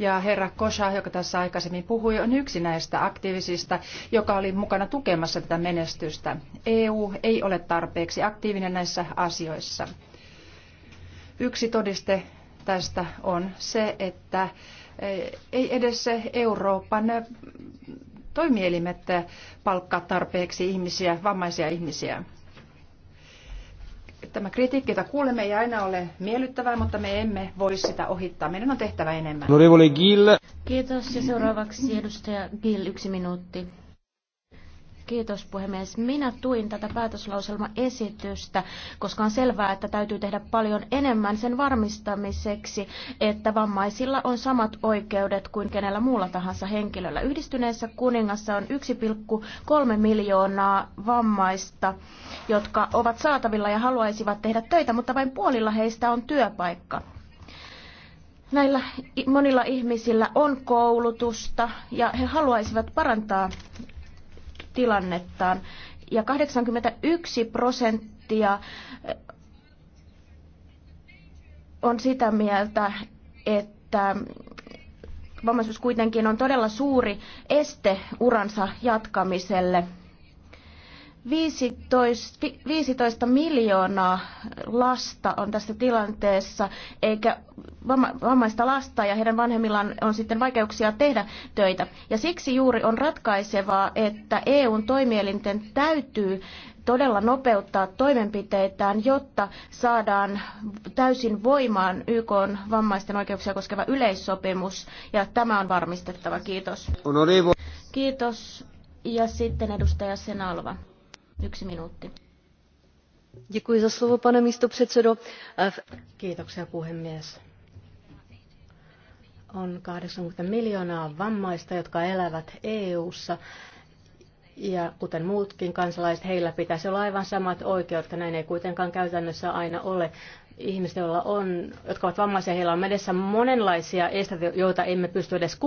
ja herra Kosha, joka tässä aikaisemmin puhui, on yksi näistä aktiivisista, joka oli mukana tukemassa tätä menestystä. EU ei ole tarpeeksi aktiivinen näissä asioissa. Yksi todiste tästä on se, että eh, ei edes Euroopan eh, toimielimet palkkaa tarpeeksi ihmisiä, vammaisia ihmisiä tämä kritiikki, jota kuulemme, ei aina ole miellyttävää, mutta me emme voi sitä ohittaa. Meidän on tehtävä enemmän. Kiitos ja seuraavaksi edustaja Gill, yksi minuutti. Kiitos puhemies. Minä tuin tätä päätöslauselmaesitystä, koska on selvää, että täytyy tehdä paljon enemmän sen varmistamiseksi, että vammaisilla on samat oikeudet kuin kenellä muulla tahansa henkilöllä. Yhdistyneessä kuningassa on 1,3 miljoonaa vammaista, jotka ovat saatavilla ja haluaisivat tehdä töitä, mutta vain puolilla heistä on työpaikka näillä monilla ihmisillä on koulutusta ja he haluaisivat parantaa tilannettaan. Ja 81 prosenttia eh, on sitä mieltä, että vammaisuus kuitenkin on todella suuri este uransa jatkamiselle. 15, 15 miljoonaa lasta on tässä tilanteessa, eikä vammaista lasta ja heidän vanhemmillaan on sitten vaikeuksia tehdä töitä. Ja siksi juuri on ratkaisevaa, että EUn toimielinten täytyy todella nopeuttaa toimenpiteitään, jotta saadaan täysin voimaan YK on vammaisten oikeuksia koskeva yleissopimus, ja tämä on varmistettava. Kiitos. Kiitos. Ja sitten edustaja Senalva minuutti. pane předsedající On kahdeksankymmentä miljoonaa vammaista, jotka elävät EU:ssa. Ja kuten muutkin kansalaiset, heillä pitäisi olla aivan samat oikeudet, näin ei kuitenkaan käytännössä aina ole ihmiset, joilla on, jotka ovat vammaisia, heillä on edessä monenlaisia esteitä, joita emme pysty edes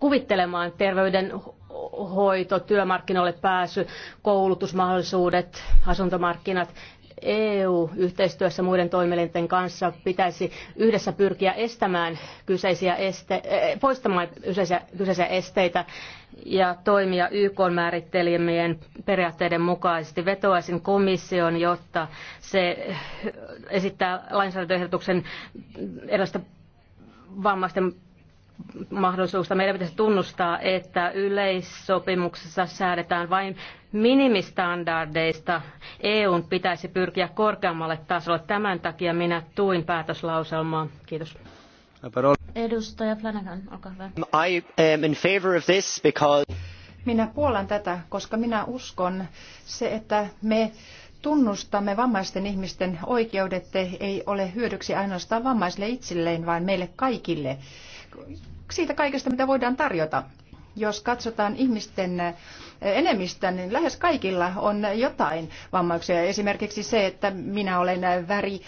kuvittelemaan. Terveydenhoito, työmarkkinoille pääsy, koulutusmahdollisuudet, asuntomarkkinat. EU-yhteistyössä muiden toimielinten kanssa pitäisi yhdessä pyrkiä estämään kyseisiä este, e, poistamaan kyseisiä, kyseisiä esteitä ja toimia YK määrittelemien periaatteiden mukaisesti. Vetoaisin komission, jotta se esittää lainsäädäntöehdotuksen erilaista vammaisten mahdollisuutta. Meidän pitäisi tunnustaa, että yleissopimuksessa säädetään vain minimistandardeista. EUn pitäisi pyrkiä korkeammalle tasolle. Tämän takia minä tuin päätöslauselmaa. Kiitos. Edustaja Flanagan, olkaa hyvä. I am in favor of this because... Minä puolan tätä, koska minä uskon se, että me tunnustamme vammaisten ihmisten oikeudet ei ole hyödyksi ainoastaan vammaisille itselleen, vaan meille kaikille siitä kaikesta, mitä voidaan tarjota. Jos katsotaan ihmisten eh, enemmistä, niin lähes kaikilla on jotain vammauksia. Esimerkiksi se, että minä olen väri eh,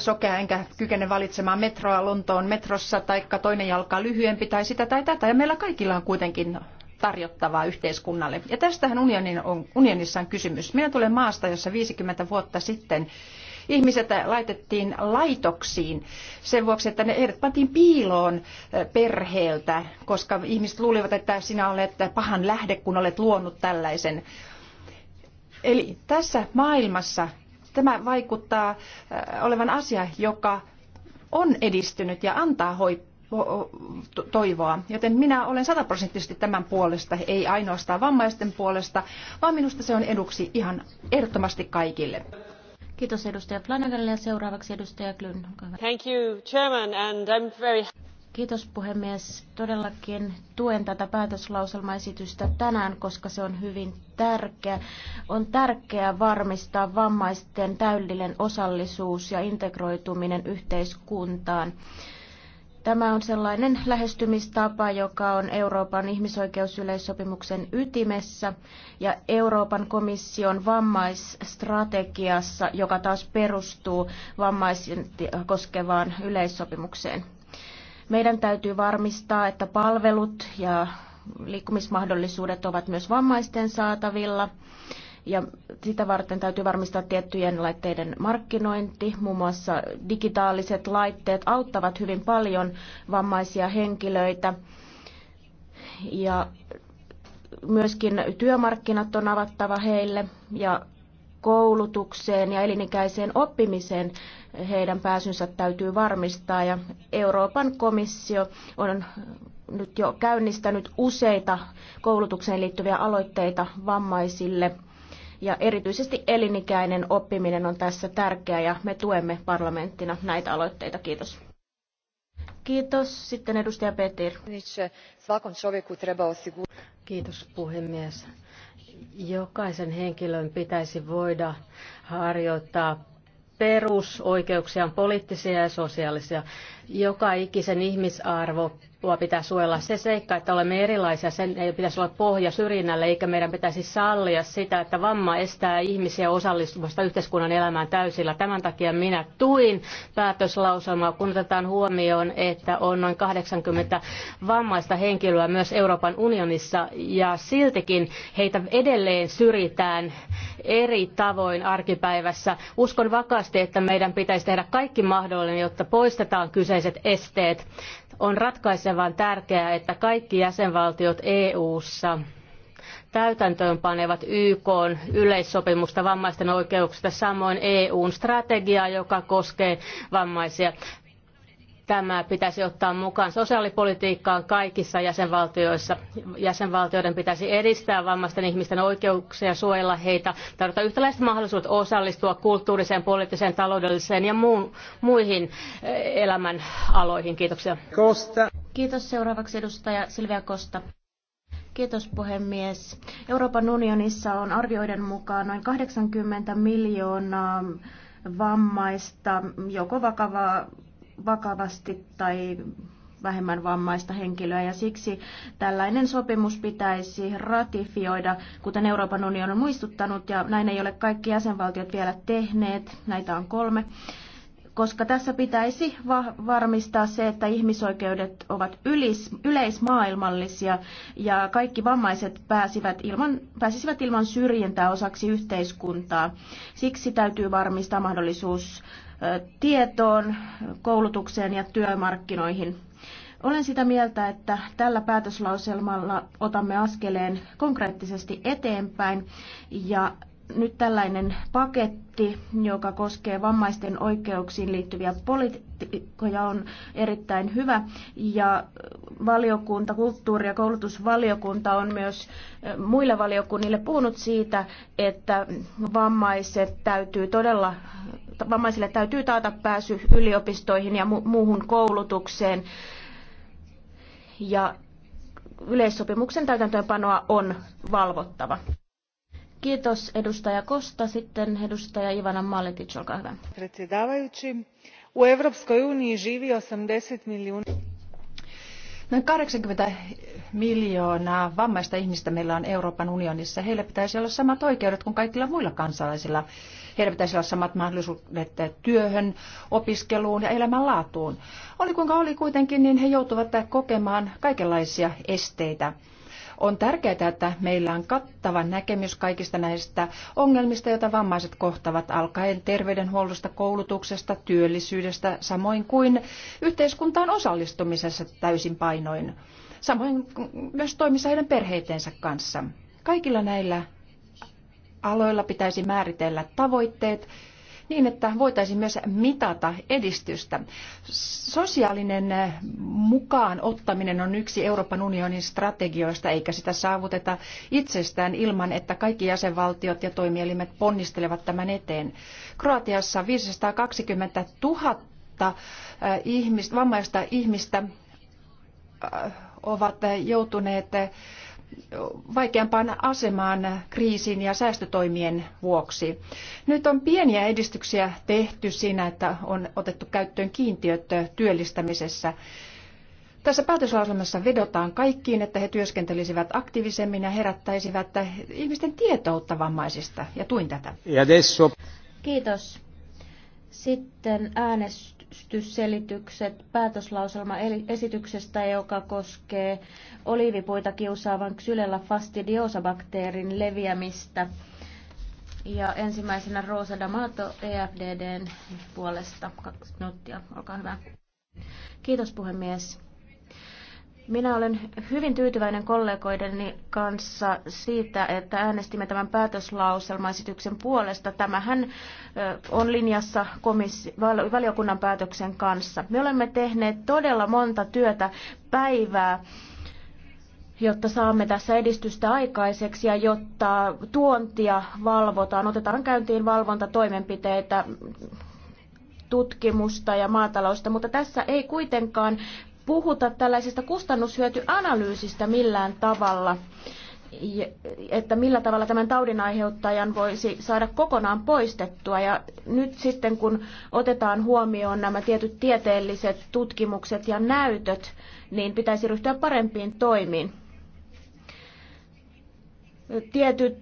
sokea enkä kykene valitsemaan metroa Lontoon metrossa, tai toinen jalka lyhyempi tai sitä tai tätä. Ja meillä kaikilla on kuitenkin tarjottavaa yhteiskunnalle. Ja tästähän unionin on, unionissa on kysymys. Minä tulen maasta, jossa 50 vuotta sitten ihmiset laitettiin laitoksiin sen vuoksi, että ne heidät pantiin piiloon perheeltä, koska ihmiset luulivat, että sinä olet pahan lähde, kun olet luonut tällaisen. Eli tässä maailmassa tämä vaikuttaa olevan asia, joka on edistynyt ja antaa hoitoa toivoa. Joten minä olen sataprosenttisesti tämän puolesta, ei ainoastaan vammaisten puolesta, vaan minusta se on eduksi ihan ehdottomasti kaikille. Kiitos edustaja Flanaganille ja seuraavaksi edustaja Klyn. Thank you, Chairman, and I'm very... Kiitos puhemies. Todellakin tuen tätä päätöslauselmaesitystä tänään, koska se on hyvin tärkeä. On tärkeää varmistaa vammaisten täydellinen osallisuus ja integroituminen yhteiskuntaan. Tämä on sellainen lähestymistapa, joka on Euroopan ihmisoikeusyleissopimuksen ytimessä ja Euroopan komission vammaisstrategiassa, joka taas perustuu vammaisen koskevaan yleissopimukseen. Meidän täytyy varmistaa, että palvelut ja liikkumismahdollisuudet ovat myös vammaisten saatavilla ja sitä varten täytyy varmistaa tiettyjen laitteiden markkinointi. Muun muassa digitaaliset laitteet auttavat hyvin paljon vammaisia henkilöitä. Ja myöskin työmarkkinat on avattava heille ja koulutukseen ja elinikäiseen oppimiseen heidän pääsynsä täytyy varmistaa. Ja Euroopan komissio on nyt jo käynnistänyt useita koulutukseen liittyviä aloitteita vammaisille – ja erityisesti elinikäinen oppiminen on tässä tärkeää ja me tuemme parlamenttina näitä aloitteita. Kiitos. Kiitos. Sitten edustaja Petir. Kiitos puhemies. Jokaisen henkilön pitäisi voida harjoittaa perusoikeuksiaan poliittisia ja sosiaalisia. Joka ikisen ihmisarvo Eurooppaa pitää suojella. Se seikka, että olemme erilaisia, sen ei pitäisi olla pohja syrjinnälle, eikä meidän pitäisi sallia sitä, että vamma estää ihmisiä osallistumasta yhteiskunnan elämään täysillä. Tämän takia minä tuin päätöslauselmaa, kun otetaan huomioon, että on noin 80 vammaista henkilöä myös Euroopan unionissa, ja siltikin heitä edelleen syrjitään eri tavoin arkipäivässä. Uskon vakaasti, että meidän pitäisi tehdä kaikki mahdollinen, jotta poistetaan kyseiset esteet on ratkaisevan tärkeää, että kaikki jäsenvaltiot EU-ssa täytäntöönpanevat YK yleissopimusta vammaisten oikeuksista, samoin EUn strategiaa, joka koskee vammaisia. Tämä pitäisi ottaa mukaan sosiaalipolitiikkaan kaikissa jäsenvaltioissa. Jäsenvaltioiden pitäisi edistää vammaisten ihmisten oikeuksia ja suojella heitä, tarjota yhtäläiset mahdollisuudet osallistua kulttuuriseen, poliittiseen, taloudelliseen ja muun, muihin eh, elämän aloihin. Kiitoksia. Kosta. Kiitos seuraavaksi edustaja Silvia Kosta. Kiitos puhemies. Euroopan unionissa on arvioiden mukaan noin 80 miljoonaa vammaista, joko vakavaa vakavasti tai vähemmän vammaista henkilöä ja siksi tällainen sopimus pitäisi ratifioida, kuten Euroopan unioni on muistuttanut ja näin ei ole kaikki jäsenvaltiot vielä tehneet, näitä on kolme koska tässä pitäisi varmistaa se, että ihmisoikeudet ovat yleismaailmallisia ja kaikki vammaiset pääsivät ilman, pääsisivät ilman syrjintää osaksi yhteiskuntaa. Siksi täytyy varmistaa mahdollisuus tietoon, koulutukseen ja työmarkkinoihin. Olen sitä mieltä, että tällä päätöslauselmalla otamme askeleen konkreettisesti eteenpäin ja nyt tällainen paketti, joka koskee vammaisten oikeuksiin liittyviä politiikkoja, on erittäin hyvä. Ja valiokunta, kulttuuri- ja koulutusvaliokunta on myös muille valiokunnille puhunut siitä, että vammaiset täytyy todella, vammaisille täytyy taata pääsy yliopistoihin ja muuhun koulutukseen. Ja yleissopimuksen täytäntöönpanoa on valvottava. Kiitos edustaja Kosta. Sitten edustaja Ivana Maletic, olkaa hyvä. U Europskoj uniji živi 80 miljoonaa. Noin 80 miljoonaa vammaista ihmistä meillä on Euroopan unionissa. Heillä pitäisi olla samat oikeudet kuin kaikilla muilla kansalaisilla. Heillä pitäisi olla samat mahdollisuudet työhön, opiskeluun ja elämänlaatuun. Oli kuinka oli kuitenkin, niin he joutuvat kokemaan kaikenlaisia esteitä. On tärkeää, että meillä on kattava näkemys kaikista näistä ongelmista, joita vammaiset kohtavat alkaen terveydenhuollosta, koulutuksesta, työllisyydestä, samoin kuin yhteiskuntaan osallistumisessa täysin painoin. Samoin myös toimissa heidän perheitensä kanssa. Kaikilla näillä aloilla pitäisi määritellä tavoitteet, niin, että voitaisiin myös mitata edistystä. Sosiaalinen eh, mukaan ottaminen on yksi Euroopan unionin strategioista, eikä sitä saavuteta itsestään ilman, että kaikki jäsenvaltiot ja toimielimet ponnistelevat tämän eteen. Kroatiassa 520 000 ihmistä, vammaista ihmistä eh, ovat joutuneet eh, vaikeampaan asemaan kriisin ja säästötoimien vuoksi. Nyt on pieniä edistyksiä tehty siinä, että on otettu käyttöön kiintiöt työllistämisessä. Tässä päätöslauselmassa vedotaan kaikkiin, että he työskentelisivät aktiivisemmin ja herättäisivät ihmisten tietoutta vammaisista. Ja tuin tätä. Ja Kiitos. Sitten äänestysselitykset päätöslauselmaesityksestä, joka koskee olivipuita kiusaavan Xylella fastidiosa-bakteerin leviämistä. Ja ensimmäisenä Rosa D'Amato EFDDn puolesta. Kaksi minuuttia, olkaa hyvä. Kiitos puhemies. Minä olen hyvin tyytyväinen kollegoideni kanssa siitä, että äänestimme tämän päätöslauselmaesityksen puolesta. Tämähän on linjassa komissi- valiokunnan päätöksen kanssa. Me olemme tehneet todella monta työtä päivää jotta saamme tässä edistystä aikaiseksi ja jotta tuontia valvotaan, otetaan käyntiin valvontatoimenpiteitä tutkimusta ja maatalousta, mutta tässä ei kuitenkaan puhuta tällaisesta kustannushyötyanalyysistä millään tavalla, että millä tavalla tämän taudin aiheuttajan voisi saada kokonaan poistettua. Ja nyt sitten kun otetaan huomioon nämä tietyt tieteelliset tutkimukset ja näytöt, niin pitäisi ryhtyä parempiin toimiin tietyt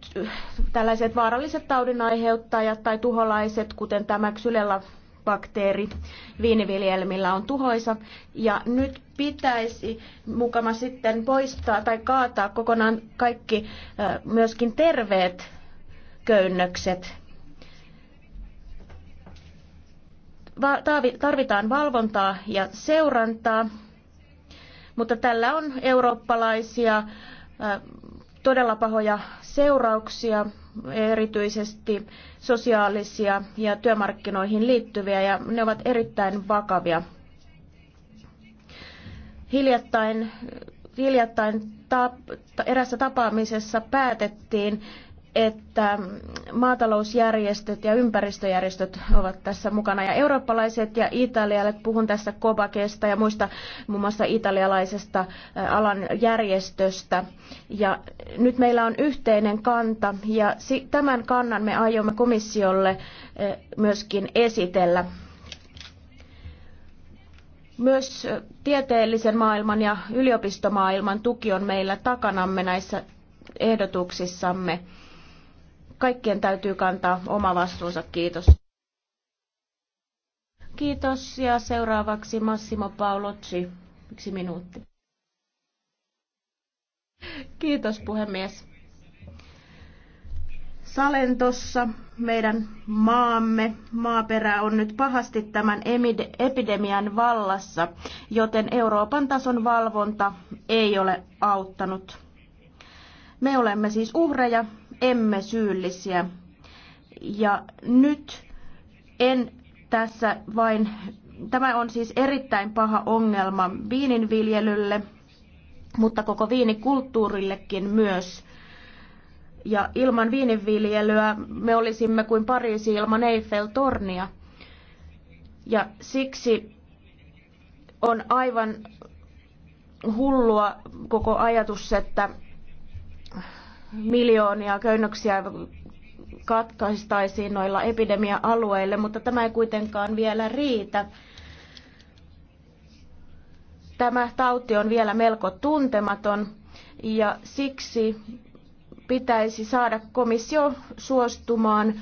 tällaiset vaaralliset taudinaiheuttajat tai tuholaiset, kuten tämä Xylella bakteeri viiniviljelmillä on tuhoisa. Ja nyt pitäisi mukama sitten poistaa tai kaataa kokonaan kaikki myöskin terveet köynnökset. Tarvitaan valvontaa ja seurantaa, mutta tällä on eurooppalaisia todella pahoja seurauksia erityisesti sosiaalisia ja työmarkkinoihin liittyviä, ja ne ovat erittäin vakavia. Hiljattain, hiljattain ta, erässä tapaamisessa päätettiin, että maatalousjärjestöt ja ympäristöjärjestöt ovat tässä mukana. Ja eurooppalaiset ja italialaiset, puhun tässä Kobakesta ja muista muun mm. muassa italialaisesta alan järjestöstä. Ja nyt meillä on yhteinen kanta ja tämän kannan me aiomme komissiolle myöskin esitellä. Myös tieteellisen maailman ja yliopistomaailman tuki on meillä takanamme näissä ehdotuksissamme kaikkien täytyy kantaa oma vastuunsa. Kiitos. Kiitos ja seuraavaksi Massimo Paolocci. Yksi minuutti. Kiitos puhemies. Salentossa meidän maamme maaperä on nyt pahasti tämän epidemian vallassa, joten Euroopan tason valvonta ei ole auttanut. Me olemme siis uhreja emme syyllisiä. Ja nyt en tässä vain, tämä on siis erittäin paha ongelma viininviljelylle, mutta koko viinikulttuurillekin myös. Ja ilman viininviljelyä me olisimme kuin Pariisi ilman Eiffel-tornia. Ja siksi on aivan hullua koko ajatus, että miljoonia köynnöksiä katkaistaisiin noilla epidemia-alueille, mutta tämä ei kuitenkaan vielä riitä. Tämä tauti on vielä melko tuntematon ja siksi pitäisi saada komissio suostumaan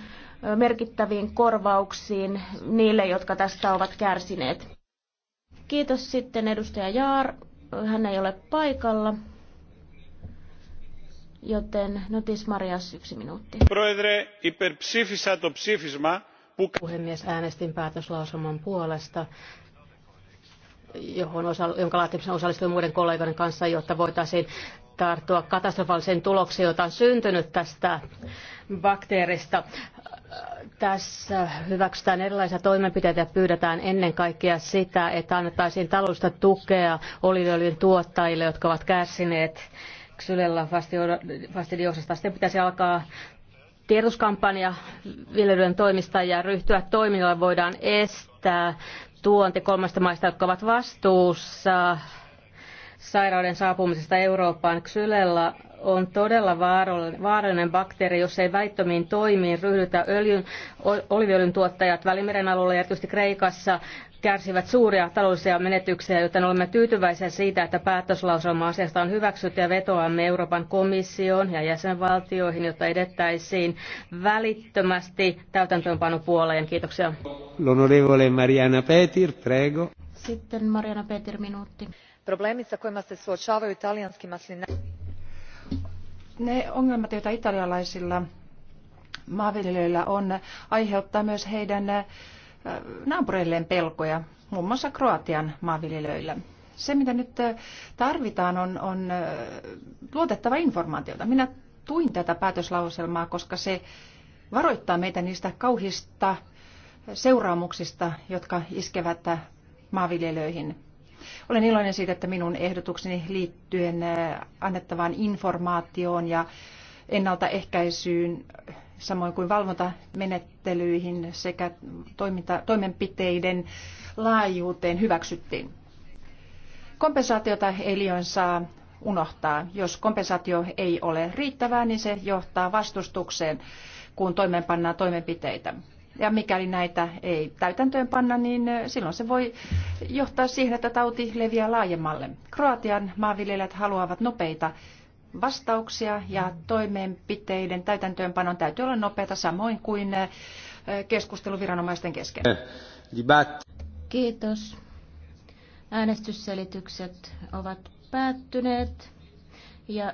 merkittäviin korvauksiin niille, jotka tästä ovat kärsineet. Kiitos sitten edustaja Jaar. Hän ei ole paikalla. Joten Notis Marias yksi minuutti. Puhemies, äänestin päätöslauselman puolesta johon osa, jonka laatimisen osallistui muiden kollegoiden kanssa, jotta voitaisiin tarttua katastrofaaliseen tulokseen, jota on syntynyt tästä bakteerista. Tässä hyväksytään erilaisia toimenpiteitä ja pyydetään ennen kaikkea sitä, että annettaisiin taloudellista tukea oliiviöljyn tuottajille, jotka ovat kärsineet Xylella fastidiosasta. Sitten pitäisi alkaa tiedotuskampanja viljelyiden toimista ja ryhtyä toimilla voidaan estää tuonti kolmesta maista, jotka ovat vastuussa sairauden saapumisesta Eurooppaan. Xylella on todella vaarallinen bakteeri, jos ei väittömiin toimiin ryhdytä. Öljyn, oliviöljyn tuottajat Välimeren alueella ja erityisesti Kreikassa kärsivät suuria taloudellisia menetyksiä, joten olemme tyytyväisiä siitä, että päätöslauselma asiasta on hyväksytty ja vetoamme Euroopan komissioon ja jäsenvaltioihin, jotta edettäisiin välittömästi täytäntöönpanopuoleen. Kiitoksia. L'onorevole Mariana Petir, prego. Sitten Mariana Petir, minuutti. Problemissa sa se suočavaju italijanski maslinari ne ongelmat, joita italialaisilla maanviljelijöillä on, aiheuttaa myös heidän äh, naapureilleen pelkoja, muun muassa Kroatian maanviljelijöillä. Se, mitä nyt äh, tarvitaan, on, on äh, luotettava informaatiota. Minä tuin tätä päätöslauselmaa, koska se varoittaa meitä niistä kauhista seuraamuksista, jotka iskevät maanviljelijöihin olen iloinen siitä, että minun ehdotukseni liittyen äh, annettavaan informaatioon ja ennaltaehkäisyyn, samoin kuin valvontamenettelyihin sekä toiminta, toimenpiteiden laajuuteen hyväksyttiin. Kompensaatiota ei liioin saa unohtaa. Jos kompensaatio ei ole riittävää, niin se johtaa vastustukseen, kun toimeenpannaan toimenpiteitä. Ja mikäli näitä ei täytäntöön panna, niin silloin se voi johtaa siihen, että tauti leviää laajemmalle. Kroatian maanviljelijät haluavat nopeita vastauksia ja toimenpiteiden täytäntöönpanon täytyy olla nopeata samoin kuin keskusteluviranomaisten kesken. Kiitos. Äänestysselitykset ovat päättyneet ja